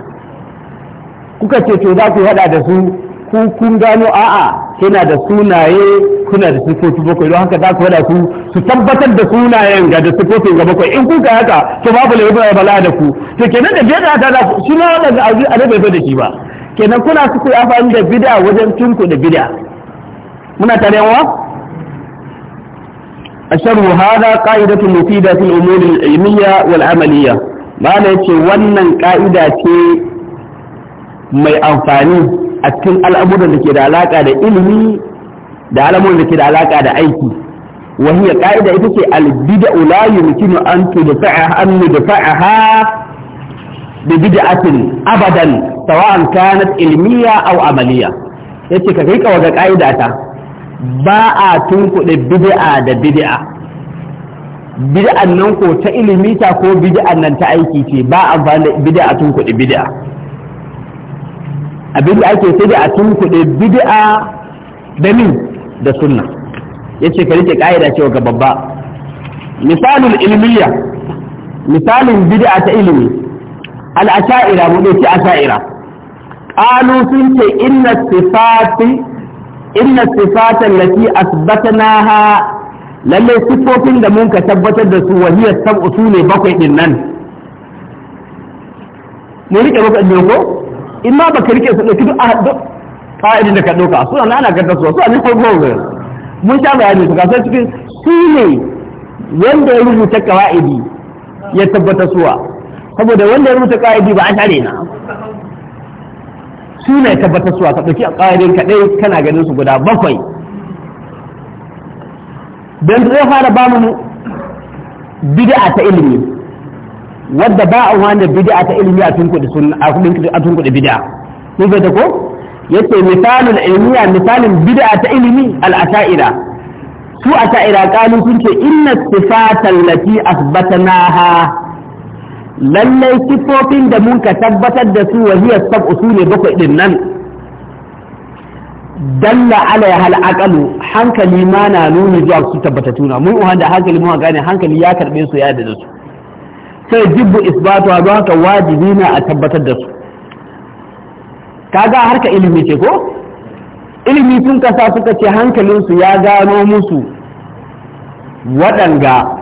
A: kuka ce to za ku hada da su ku kun gano a'a kina da sunaye kuna da sifofi bakwai don haka za ku hada su su tabbatar da sunayen ga da sifofin ga bakwai in kuka haka to babu laifin bala da ku to kenan da bid'a ta za ku shi ma wanda a bai da shi ba kenan kuna su amfani da bid'a wajen tunku da bid'a muna tare wa asharu hada qa'idatun mufida fil umur al ilmiyya wal amaliyya ma'ana yace wannan ƙa'ida ce mai amfani a cikin al'amuran da ke da alaka da ilimi da al'amuran da ke da alaka da aiki wa hiya qa'ida ita ce al bid'u la yumkinu an tudfa'aha an tudfa'aha ببدعة أبدا سواء كانت علمية أو عملية yace ka rika waga ka'ida ta ba a tunkuɗe bid'a da bid'a bid'an nan ko ta ilimi ta ko bid'an nan ta aiki ce ba a ba bid'a tunkuɗe bid'a da ake sai da a tunkuɗe bid'a da min da sunna yace ka rike ka'ida cewa ga babba misalul ilmiya misalin bid'a ta ilimi al'asha'ira mu ne ce asha'ira qalu sun ce inna sifati inna sifatan lati asbatnaha lalle sifofin da mun ka tabbatar da su wahiyar sab'u su ne bakwai din nan mu rike maka ɗin ko in ma baka rike su ɗauki duk ƙa'idin da ka ɗauka suna na ana karta su suna ne farko ga mun sha bayani su kasar cikin su ne wanda ya rubuta ƙawa'idi ya tabbata suwa saboda wanda ya rubuta ƙa'idi ba a tare na su ne tabbatar suwa ka ɗauki ƙa'idin kaɗai kana ganin su guda bakwai don zai fara ba mu bid'a ta ilimi wadda ba a wanda bid'a ta ilimi a tunkuɗe sun, a tunkuɗe bid'a kun ga ko yace misalul ilmiya misalin bid'a ta ilimi al-asha'ira su asha'ira qalu sun ce inna sifatal lati asbatnaha lallai sifofin da mun ka tabbatar da su wahiyar sab su ne bakwai din nan dalla ala hal aqalu hankali ma na nuni zuwa su tabbata na mun uhanda hankali mun gane hankali ya karbe su ya da su sai jibbu isbatu wa haka wajibi na a tabbatar da su kaga harka ilimi ce ko ilimi sun kasa suka ce su ya gano musu waɗanga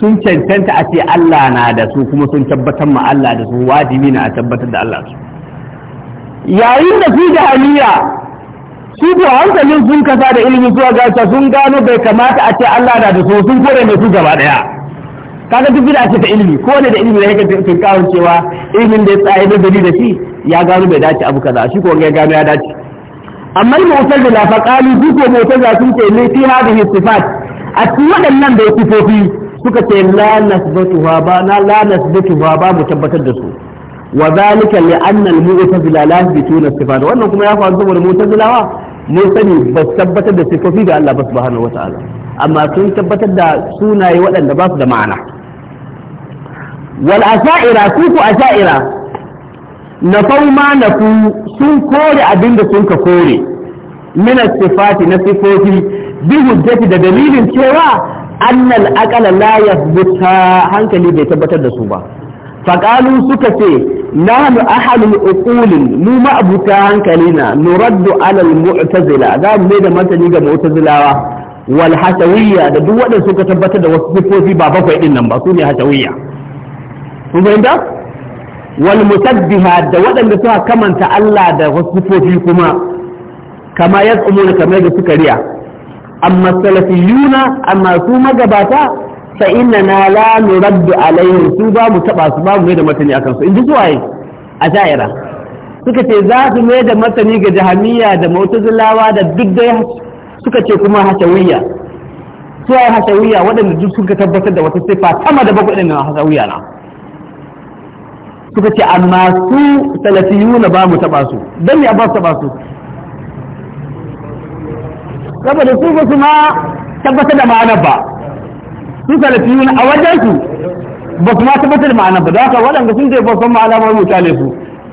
A: sun cancanta a ce Allah na da su kuma sun tabbatar ma Allah da su wajibi na a tabbatar da Allah su yayin da su hanyar, su ko hankalin sun kasa da ilimin zuwa gasa sun gano bai kamata a ce Allah na da su sun kore mai su gaba daya kaga duk bid'a ce ta ilimi ko ne da ilimi da yake tun kawun cewa ilimin da ya tsaye da dalili da shi ya gano bai dace abu kaza shi ko ya gano ya dace amma da fa qalu duk mu'tazila sun ce ne fi hadhihi sifat a cikin waɗannan da sifofi suka ce la nasbatuha ba na la nasbatuha ba mu tabbatar da su wa zalika li anna al mu'tazila la yathbituna sifat wannan kuma ya faru saboda mu'tazilawa mun sani ba tabbatar da sifofi ga Allah subhanahu wata'ala amma sun tabbatar da sunaye waɗanda ba su da ma'ana wal asha'ira su ku asha'ira na fauma na ku sun kore abinda sun ka kore min sifati na sifofi bi hujjati da dalilin cewa annal akala la yathbuta hankali bai tabbatar da su ba faqalu suka ce nahnu ahalul uqulin mu ma abuta hankali na nuraddu ala al mu'tazila za mu da martani ga mu'tazilawa wal hasawiyya da duk waɗanda suka tabbatar da wasu sifofi ba bakwai nan ba su ne hasawiyya kun fahimta waɗanda suka kamanta Allah da wasu kuma kama yasumuna kamar da suka riya amma salafiyuna amma su magabata fa innana la nuraddu alaihim su ba mu su ba mu mai akan su in ji suwaye a sha'ira suka ce za su mai da martani ga jahamiya da mu'tazilawa da duk dai suka ce kuma hashawiyya suwaye hashawiyya waɗanda duk suka tabbatar da wata sifa sama da bakwai ɗin hashawiyya na suka ce amma su su ba su su saboda su ba su ma tabbatar da ma'ana ba su salafiyun a wajen su ba su ma tabbatar da ma'ana ba da haka waɗanda sun zai babban ma'ana ma mu ne su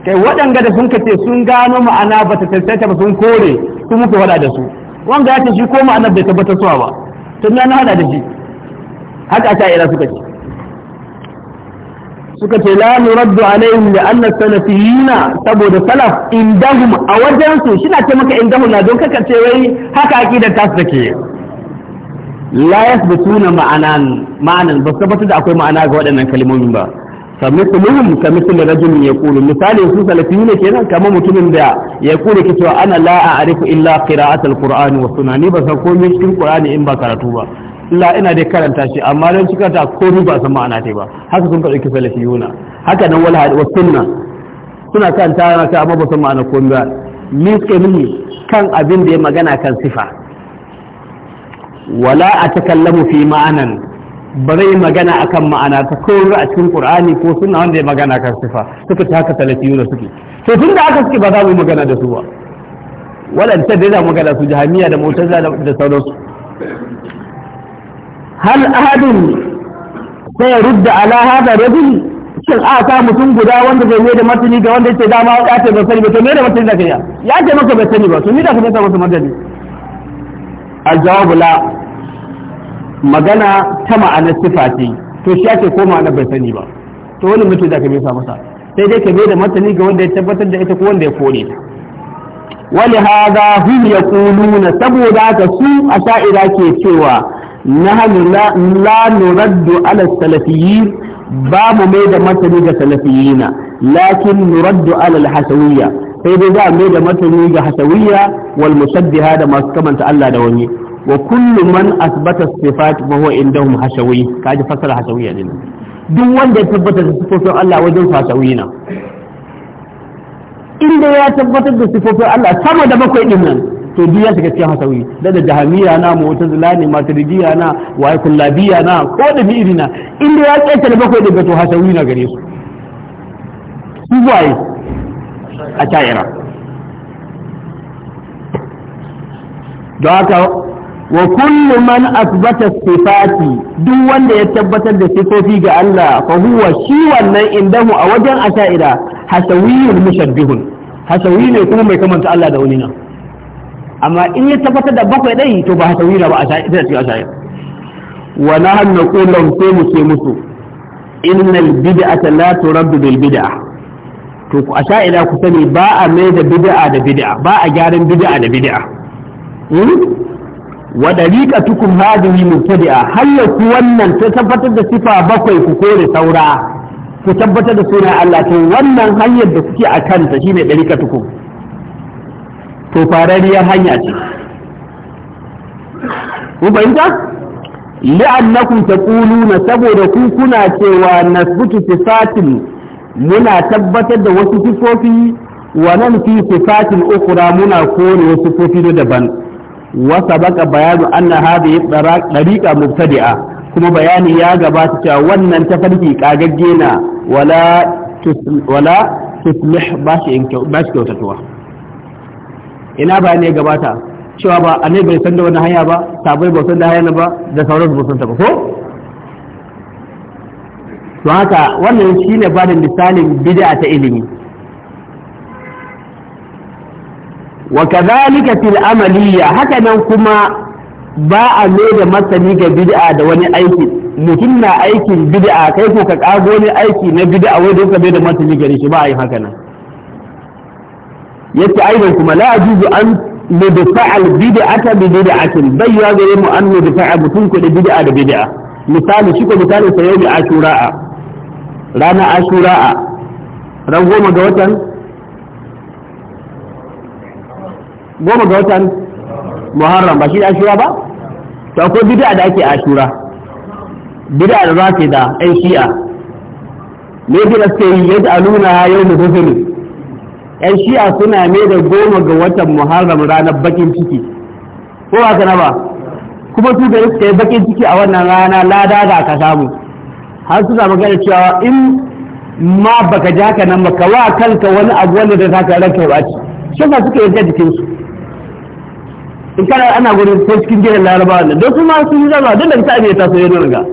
A: kai waɗanda da sun kace sun gano ma'ana ba ta tattace ba sun kore su muku wada da su wanda ya ce shi ko ma'ana bai tabbatar suwa ba tun na hada da shi haka ta ira suka ce suka ce la nuraddu alaihim li anna salafiyina saboda salaf indahum a wajen su shi na ce maka indahum na don kaka ce wai haka akidar ta su take la yasbutuna ma'anan ma'anan ba su da akwai ma'ana ga waɗannan kalmomin ba kamithluhum kamithlu rajulin kulu misali su salafiyina kenan kamar mutumin da ya kure ke cewa ana la a'rifu illa qira'atul qur'ani wa sunani ba san komai cikin qur'ani in ba karatu ba la ina dai karanta shi amma don cika ta ko ba san ma'ana ta ba haka sun faɗi kisa lafiyuna haka nan wal hadith sunna suna kan ta na ta amma ba san ma'ana ko ba ni suke nuni kan abin da ya magana kan sifa wala a takallamu fi ma'anan ba zai magana akan ma'ana ta ko a cikin qur'ani ko sunna wanda ya magana kan sifa suka ta haka salafiyuna suke to tunda aka suke ba za mu magana da su ba walanta da magana su jahamiya da mutazila da sauransu hal ahadin sai rudda ala hada rajul shin a sa mutum guda wanda zai da martani ga wanda yake dama ya ce ba sani ba to me da martani zaka ya ya ce maka bai sani ba to ni da ka sa masa martani al-jawab la magana ta ma'ana sifa ce to shi ake ko ma'ana bai sani ba to wani mutum zaka bai sa masa sai dai ka bai da martani ga wanda ya tabbatar da ita ko wanda ya kore ta wali hadha hum yaquluna saboda ka su asha'ira ke cewa nahnu la nuraddu ala salafiyyin ba mu mai da martani ga salafiyina lakin nuraddu ala hasawiyya sai dai za a mai da martani hasawiyya wal mushabbiha da masu kamanta Allah da wani wa kullu man asbata sifat fa huwa indahum hasawi kaji fasara hasawiyya din duk wanda ya tabbata da sifofin Allah wajen inda ya tabbatar da sifofin Allah sama da bakwai din to duk ya shiga cikin hasawi da da jahamiya na mu'tazila ne maturidiya na waye kullabiya na ko da bi na, inda ya kaita da bakwai daga to hasawi na gare su su waye a sha'ira Da haka wa kullu man asbata sifati duk wanda ya tabbatar da sifofi ga Allah fa huwa shi wannan indahu a wajen asha'ira hasawiyul mushabbihun hasawi ne kuma mai kamanta Allah da wani na amma in ya tabbatar da bakwai dai to ba a hasawira ba a sha'i ita ce a sha'i wa nahnu naqulu sai mu ce musu innal bid'ata la turaddu bil bid'ah to ku asha'ira ku sani ba a mai da bid'a da bid'a ba a gyaran bid'a da bid'a hmm? wa dariqatukum hadhihi mubtadi'a hayya ku wannan ta tabbatar da sifa bakwai ku kore saura ku tabbatar da suna Allah to wannan hanyar da kuke a kanta shine dariqatukum to farariyar hanya ce ku fahimta li'annakum taquluna saboda ku kuna cewa nasbutu sifatin muna tabbatar da wasu sifofi wa nan fi sifatin ukhra muna kore wasu sifofi daban wa sabaqa bayanu anna hadhihi dariqa mubtadi'a kuma bayani ya gabata cewa wannan tafarki kagagge na wala wala tuslih bashi kyautatuwa ina ba ne gabata cewa ba a bai san da wani hanya ba sabai ba san da hanya ba da sauran su san ta ba ko to haka wannan shine ba da misalin bid'a ta ilimi wa kadhalika fil amaliyya haka nan kuma ba a ne da masani ga bid'a da wani aiki mutum na aikin bid'a kai ko ka kago ne aiki na bid'a wai don ka bai da masani gare shi ba a yi haka nan yace aidan kuma la ajuzu an nudfa'al bid'ata bi bid'atin bayya gare mu an nudfa'a mutun ko da bid'a da bid'a misali shi ko misali sai yau ashura'a rana ashura'a ran goma ga watan goma ga watan muharram ba shi da ashura ba to akwai bid'a da ake ashura bid'a da za ta da ai shi'a ne bid'a sai yad'aluna yawm hufri yan shi'a suna ne da goma ga watan muharram ranar bakin ciki ko ba na ba kuma su da suka yi bakin ciki a wannan rana lada ga ka samu har suna magana cewa in ma baka ji haka nan ka wa kanka wani abu wanda da zaka ranka ba ci shi ba suka yanka jikin su in kana ana gurin cikin gidan larabawa nan don su ma sun yi zama duk da ta abin ta so ya riga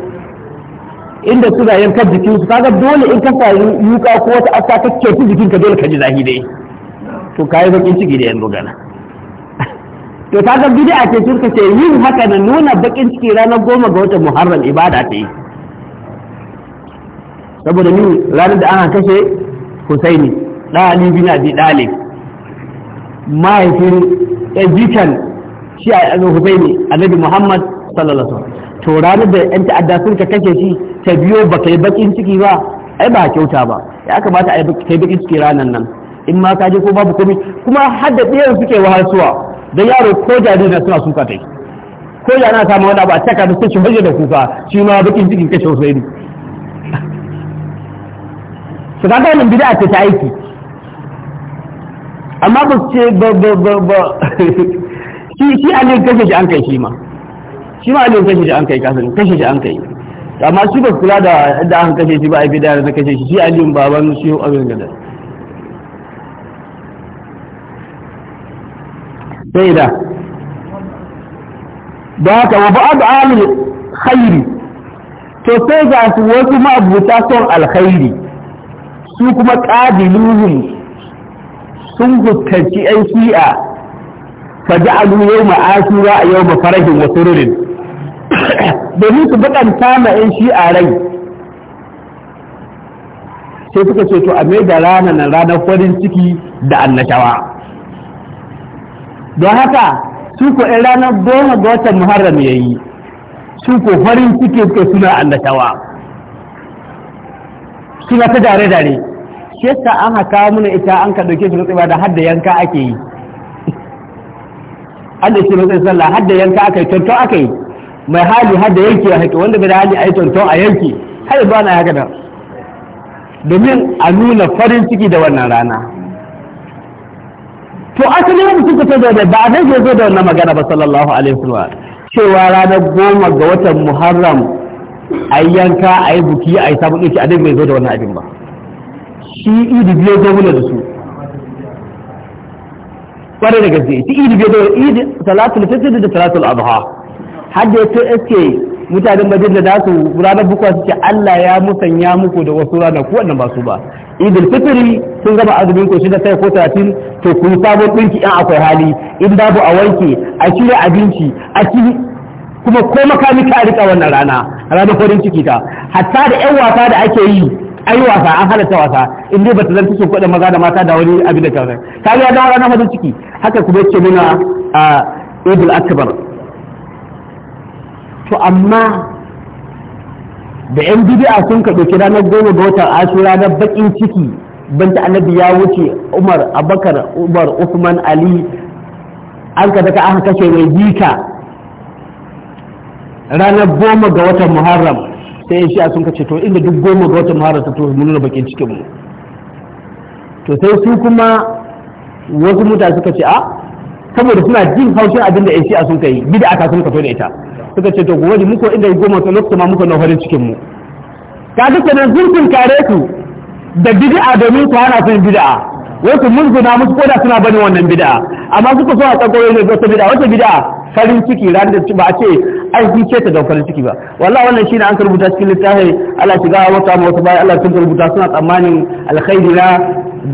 A: inda suna yankar jikin su kaga dole in ka sa yuka ko wata asa ka kyautu jikin ka dole ka ji zahi dai to kai bakin ciki da yan dogana to kaga a cikin ka ce yin haka na nuna bakin ciki ranar goma ga wata muharram ibada ta yi saboda ni ranar da ana kashe husaini da ali bin abi ɗalib, mahaifin ejikan shi a husaini annabi muhammad sallallahu alaihi wasallam to ranar da yan ta'adda sun ka kake shi ta biyo ba kai bakin ciki ba ai ba kyauta ba ya kamata ai kai bakin ciki ranar nan in ma ka je ko babu komai kuma har da ɗayan suke harsuwa da yaro ko na suna suka ta ko yana samu wani abu a taka da suke hajji da kuka shi ma bakin cikin kashe sosai ne su kaga wannan bid'a a ta aiki amma ba su ce ba ba ba shi shi an kashe shi an kai shi ma shi ma aliyu kashe shi an kai kafin kashe shi an kai amma shi ba kula da yadda an kashe shi ba a bida na kashe shi shi aliyu baban shi abin gada sai da da haka wa ba'ad alil khairi to sai ga su wasu ma'abuta son alkhairi su kuma qadiluhum sun fuskanci yan shi'a fa ja'alu yawma asura yawma farahin wa sururin domin su bukanta ma shi a rai sai suka ce to a mai da ranar na ranar farin ciki da annashawa don haka su ko yan ranar goma ga watan muharram ya yi su ko farin ciki suka suna annashawa suna ta dare-dare shi yasa an haka muna ita an ka ɗauke na rutsewa da hadda yanka ake yi Allah shi rutsewa sallah hadda yanka aka yi tuntun aka yi mai hali har da yanke haka wanda bai da hali a yi tonton a yanke har ba na haka da domin a nuna farin ciki da wannan rana to asali wanda suka ta da ba a zai zo da wannan magana ba sallallahu alaihi wa cewa ranar goma ga watan muharram a yi yanka a yi buki a yi sabon ɗauki a bai zo da wannan abin ba shi idi biyo zo muna da su kwarai da gaske shi idi biyo zo idi salatul fitr da salatul adha Hadda ya ce iske mutanen madina da su ranar bukwa su ce Allah ya musanya muku da wasu ranar ku wannan ba su ba idil fitri sun gaba azumin ko da sai ko 30 to ku yi sabon dinki in akwai hali in babu a wanke a shirya abinci a ci kuma ko makami ka rika wannan rana ranar farin ciki ta hatta da yan wasa da ake yi ai wasa an halatta wasa in dai bata zanta kuɗin maza da mata da wani abin da ta zai ya da ranar farin ciki haka kuma ce muna a idil akbar to amma da yan bid'a sun ka ɗauki ranar goma ga watan ashura na baƙin ciki banta annabi ya wuce umar abakar umar usman ali an ka daga aka kashe mai jika ranar goma ga watan muharram sai ya shi'a sun kace to inda duk goma ga watan muharram ta to mun nuna bakin cikinmu. mu to sai su kuma wasu mutane suka ce a ah, saboda suna jin haushin abin da yan shi'a sun kai bid'a aka sun kafa da ita suka ce to gobe muku inda ya goma sun lokacin ma muka na farin cikin mu ga kenan zurfin kare su da bid'a domin su hana sun bid'a wai su munzuna musu da suna bani wannan bid'a amma suka so a tsakoro ne wata bid'a wata bid'a farin ciki ran da ba a ce an ce ta don farin ciki ba wallahi wannan shine an rubuta cikin littafin Allah shiga wata mu wata bai Allah sun karbuta suna tsammanin alkhairi na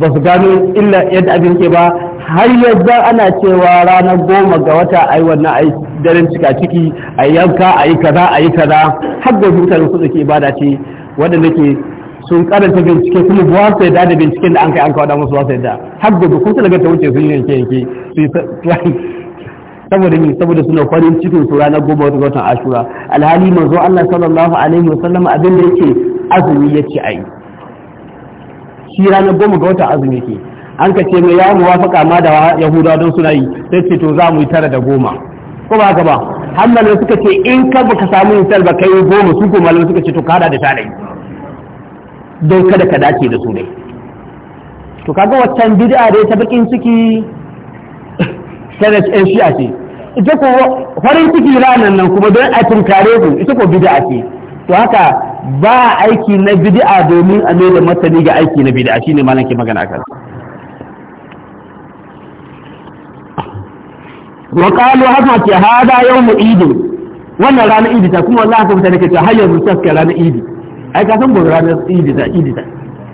A: ba su gano illa yadda abin ke ba har yadda ana cewa ranar goma ga wata yi wannan yi daren cika ciki a yi yanka a yi kaza a yi kaza har da mutane su suke bada ce waɗanda ke sun karanta bincike kuma ba su yadda da binciken da an kai an kawo musu ba su yadda har da kun talaga ta wuce sun yi yanke yanke saboda ni saboda suna farin cikin su ranar goma wata watan ashura alhali manzo Allah sallallahu alaihi wasallam abin da yake azumi yace ai shi ranar goma ga watan azumi yake an ka ce mai ya muwafaka ma da yahuda don suna yi sai ce to za mu yi tara da goma ko ba haka ba har malamai suka ce in ka baka samu misal ba kai goma su ko malamai suka ce to ka da tare don kada ka dace da su ne to kaga waccan bid'a dai ta bakin ciki sanar ɗan shi'a ce ita ko farin ciki ranar nan kuma don a tunkare ku ita ko bid'a ce to haka ba aiki na bid'a domin a mai da martani ga aiki na bid'a shine malam ke magana kansa wa qalu haka ce hada yawmu idi wannan ranar idi ta kuma wallahi kuma ke cewa har yanzu ta ranar idi ai ka san gobe ranar idi ta idi ta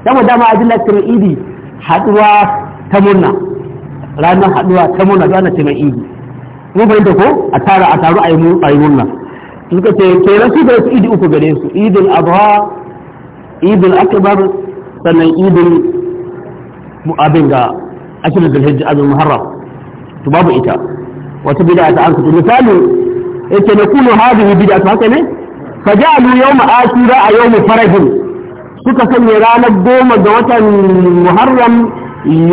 A: saboda ma ajin lakin idi haduwa ta murna ranar haduwa ta murna da ce mai idi mun fahimta ko a tara a taru yi murna suka ce kenan su da idi uku gare su idin adha idul akbar sannan idul abin ga ashirin zulhijja abin muharram to babu ita wata bid'a ta an kuɗi misali yake na kunu hadhihi bid'atu haka ne fajalu yawma asura a yawmi farajin suka sanya ranar goma ga watan muharram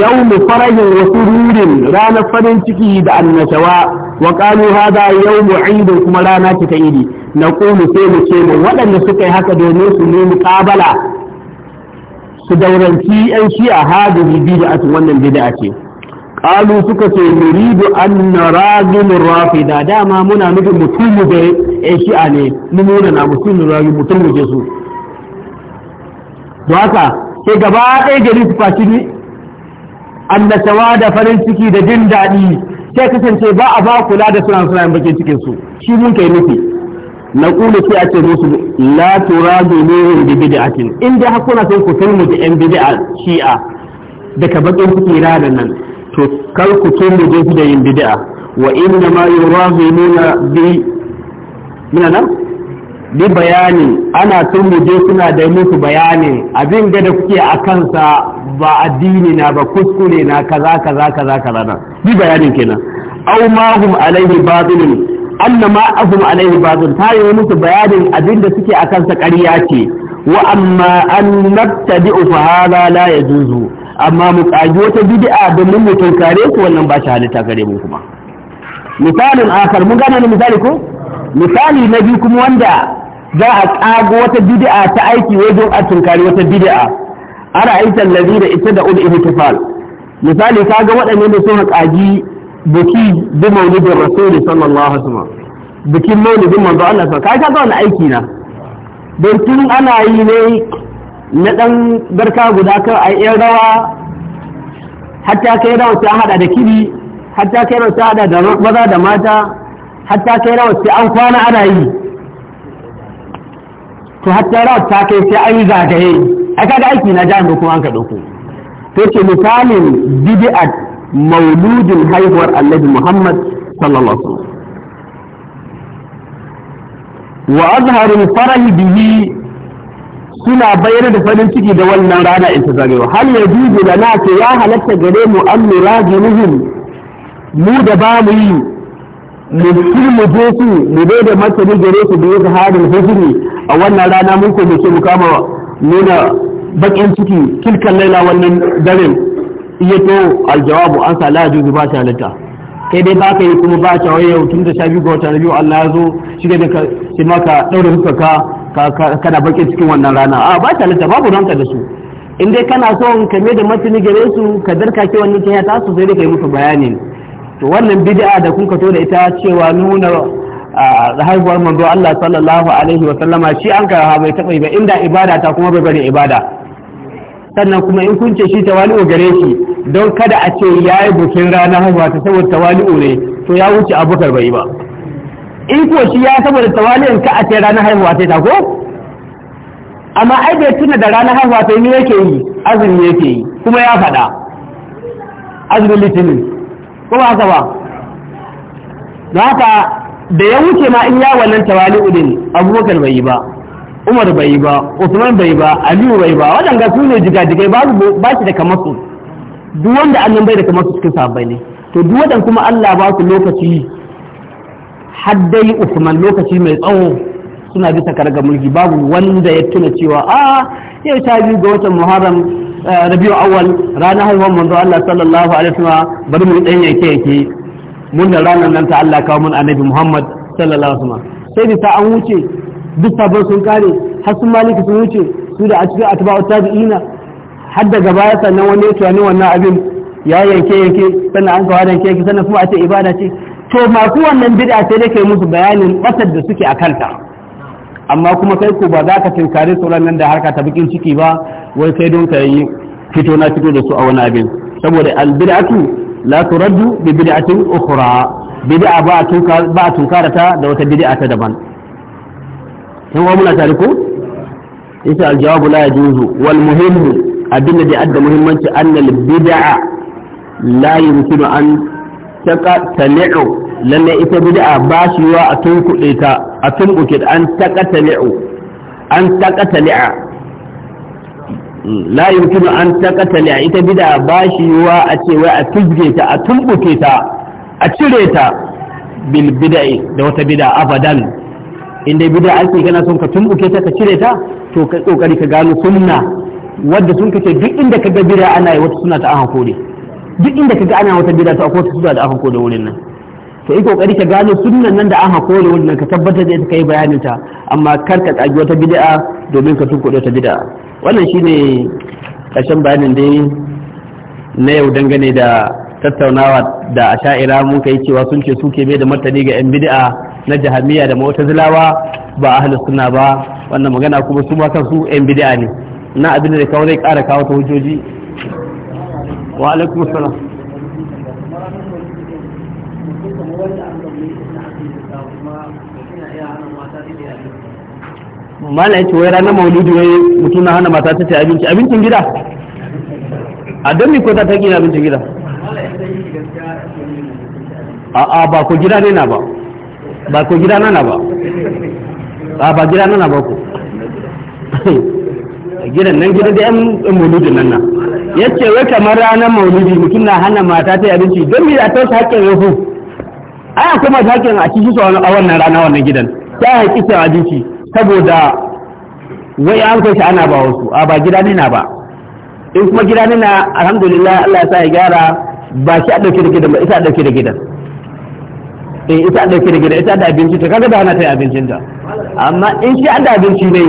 A: yawmi farajin wa sururin ranar farin ciki da annashawa wa qalu hadha yawmu eid kuma rana ce ta idi na kunu sai mu ce mu waɗanda suka yi haka domin su nemi kabala su dauranci yan shi'a hadhihi bid'atu wannan bid'a ce kalu suka ce nuridu an naragin da dama muna nufin mutumu da ya a ne muna na mutumin rayu mutumu je su to haka sai gaba ɗai gari su faci ni da farin ciki da jin daɗi sai kasance ba a ba kula da suna suna yin bakin cikin su shi mun kai nufi na kula sai a ce musu la turadu ne bi bid'atin in dai hakuna sai ku san mu da yan bid'a shi'a daga bakin ciki da nan to kar ku turmuje su da yin bid'a wa inna ma nuna bi mina nan bi bayani ana tun je suna da muku bayani abin da da kuke a kansa ba addini na ba kuskure na kaza kaza kaza kaza na bi bayanin kenan aw ma hum alaihi batilun anna ma ahum alaihi batilun ta yi musu bayanin abin da suke a kansa ƙarya ce wa amma an nabtadi'u fa hala la yajuzu amma mu kaji wata bid'a domin mu tunkare ku wannan ba shi halitta gare mu kuma misalin akar mun gane misali ko misali na biyu kuma wanda za a kago wata bid'a ta aiki wajen a tunkari wata bid'a ara aitan ladina ita da ul ihtifal misali kaga waɗannan da sun kaji biki bi maulidin rasuli sallallahu alaihi wasallam bikin maulidin manzo Allah sallallahu alaihi wasallam kaga wannan aiki na don tun ana yi ne na ɗan barka guda kan a iya rawa hatta kai rawa ta hada da kiri hatta kai rawa ta hada da maza da mata hatta kai rawa sai an kwana ana yi to hatta rawa ta kai sai an yi zagaye a kaga aiki na jami'a kuma an ka ɗauko to ce misalin bid'at mauludin haihuwar annabi muhammad sallallahu alaihi wasallam wa azharin farahi bihi suna bayar da farin ciki da wannan rana in ta zagewa, hal ya juju da na ce ya halatta gare mu an lura jinuhun mu da ba mu yi mu mu je su mu bai da martani gare su biyu halin hujumi a wannan rana mun ko muke mu kama nuna bakin ciki kilkan laila wannan daren iya to aljawabu an sa la juju ba ta halatta kai dai baka yi kuma ba ta wayo tun da sha biyu ga wata biyu Allah ya zo shi da ka sai maka daure hukunka kana bakin cikin wannan rana a ba ta lita babu ranka da su in dai kana son ka mai da martini gare su ka darka ke wannan kiyaye ta su sai dai kai musu bayani to wannan bid'a da kun kato da ita cewa nuna a haihuwar manzo Allah sallallahu alaihi wa sallama shi an ka bai taba ba inda ibada ta kuma bai bari ibada sannan kuma in kun ce shi tawali'u gare shi don kada a ce yayi bukin ranar haihuwa ta saboda tawali'u ne to ya wuce abubakar bai ba in kuwa shi ya saboda tawaliyan ka a ce ranar haihuwa sai ta ko amma ai bai tuna da ranar haihuwa sai ne yake yi azumi yake yi kuma ya faɗa azumin litinin kuma haka ba da haka da ya wuce ma in ya wannan tawali udin abubakar bai yi ba umar bai yi ba usman bai yi ba aliyu bai yi ba waɗanda su ne jigajigai ba su da kamar su duk wanda annan bai da kamar su cikin sabbai ne to duk waɗanda kuma allah ba su lokaci haddai Uthman lokaci mai tsawo suna bisa karga mulki babu wanda ya tuna cewa a yau ta biyu ga watan Muharram eh, Rabiu awwal ranar haihuwar manzo Allah sallallahu alaihi wasallam bari mu dan yake yake mun da ranar nan ta Allah kawo mun annabi Muhammad sallallahu alaihi wasallam sai da ta an wuce duk sabon sun kare har sun maliki sun wuce su da a cikin atba'u tabi'ina har daga baya sannan wani ya tuwani wannan abin ya yanke yanke sannan an kawo da yanke sannan kuma a ce ibada ce to masu wannan bid'a sai nake musu bayanin batar da suke a kanta amma kuma kai ku ba za ka tinkari su nan da harka ta bikin ciki ba wai sai don ka yi fito na fito da su a wani abin saboda al albid'atu la turaddu bi bid'atin ukhra bid'a ba tunka ba tunkarata da wata bid'a ta daban kin wa muna tare ko yace jawabu la yajuzu wal muhimmu abin da adda muhimmanci annal bid'a la yumkinu an ta tali'u lalle ita bid'a ba shi wa a tunkuɗe ta a tunkuɗe an taqatali'u an tali'a la yumkinu an tali'a ita bid'a ba shi wa a ce wa a tuzge ta a tunkuɗe ta a cire ta bil bid'i da wata bid'a abadan inda bid'a ake kana son ka tunkuɗe ta ka cire ta to ka kokari ka gano sunna wadda sun kace duk inda ka ga bid'a ana yi wata suna ta an hakuri duk inda ka ga ana wata bid'a ta akwai su da aka koda wurin nan to yi kokari ka gano sunnan nan da aka koda wurin nan ka tabbatar da ita kai bayanin ta amma kar ka tsagi wata bid'a domin ka tunkuɗe ta bid'a wannan shine ƙarshen bayanin dai na yau dangane da tattaunawa da asha'ira mun kai cewa sun ce suke bai da martani ga 'yan bid'a na jahamiya da mu'tazilawa ba ahli sunna ba wannan magana kuma su ma kansu 'yan bid'a ne na abin da kawai zai kara kawo ta hujjoji
B: wa alaikum salam mala yace wai ranar
A: maulidi wai mutum na hana mata ta ce abinci abincin gida
B: a don miko ta ta gina abincin gida a ba ko gida ne na ba ba ko gida na na ba a ba gida na na ba ko gidan nan gidan da yan mauludin nan nan yace wai kamar ranar maulidi mutum na hana
A: mata ta abinci don me a tausa haƙƙin rufu ai akwai masu haƙƙin a cikin su a wannan rana wannan gidan ta haƙƙi su abinci saboda wai an kai shi ana ba wasu a ba gida ne na ba in kuma gida ne na alhamdulillah Allah ya sa ya gyara ba shi a ɗauke da gidan ba ita a ɗauke da gidan In eh, ita a ɗauke da gidan ita da abinci ta kaga da hana ta yi abincin ta amma in shi an da abinci ne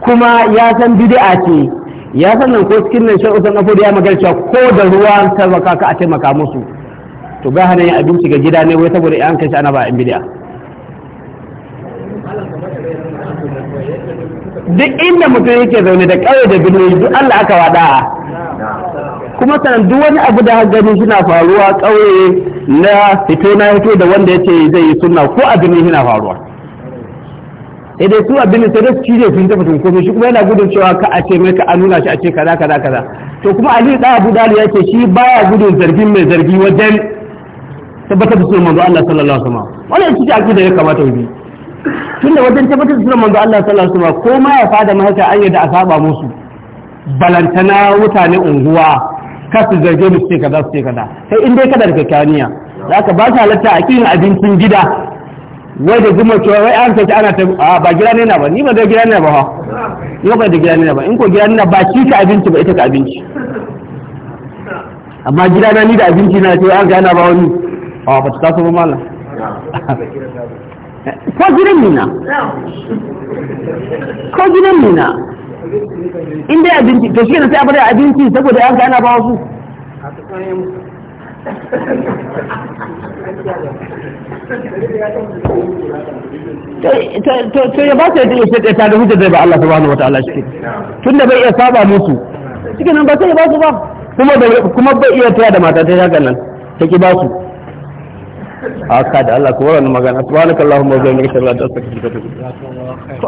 A: kuma ya san bid'a ce ya sannan ko cikin nan shan usan afur ya magana cewa ko da ruwa taimaka ka a taimaka musu to ba hana abinci ga gida ne wai saboda yan kashi ana ba yan bidiya
B: duk inda mutum
A: yake zaune da ƙauye da birni duk Allah aka wada kuma sanan duk wani abu da gani suna faruwa kauye na fito na fito da wanda yace zai yi sunna ko a birni suna faruwa sai dai su abin da sai shi ne sun tafi tun komai shi kuma yana gudun cewa ka a ce mai ka an nuna shi a ce kaza kaza kaza to kuma Ali da Abu Dali yake shi baya gudun zargin mai zargi wajen tabbatar da sunan manzo Allah sallallahu alaihi wasallam wannan shi ke akida ya kamata ku bi tunda wajen tabbatar da sunan manzo Allah sallallahu alaihi wasallam ko ma ya fada mahaka an yadda a saba musu balantana mutane unguwa su zarge mu ce kaza su ce kaza sai in dai kada da kyakkyawan zaka ba shi halatta a kiyin abincin gida wai da zuma cewa wai an sace ana ta a ba gida ne ba ni ba da gida ne ba ha ni ba da gida ne ba in ko gida ne ba ki ka abinci ba ita ka abinci
B: amma gida na ni da abinci na cewa an
A: ga ana ba wani a ba ta kasu ba mala ko gidan mina
B: ko gidan mina in dai abinci to shi ne sai a
A: bada abinci saboda an ga ana ba wasu to ya ba ta yi ya ta da zai ba Allah subhanahu wataala shi tun da bai iya saba musu cikin nan ba sai ya ba su ba kuma bai iya taya da mata ta
B: shagan nan ta ki ba su da Allah ko wannan magana subhanakallahumma wa bihamdika ashhadu an la ta ta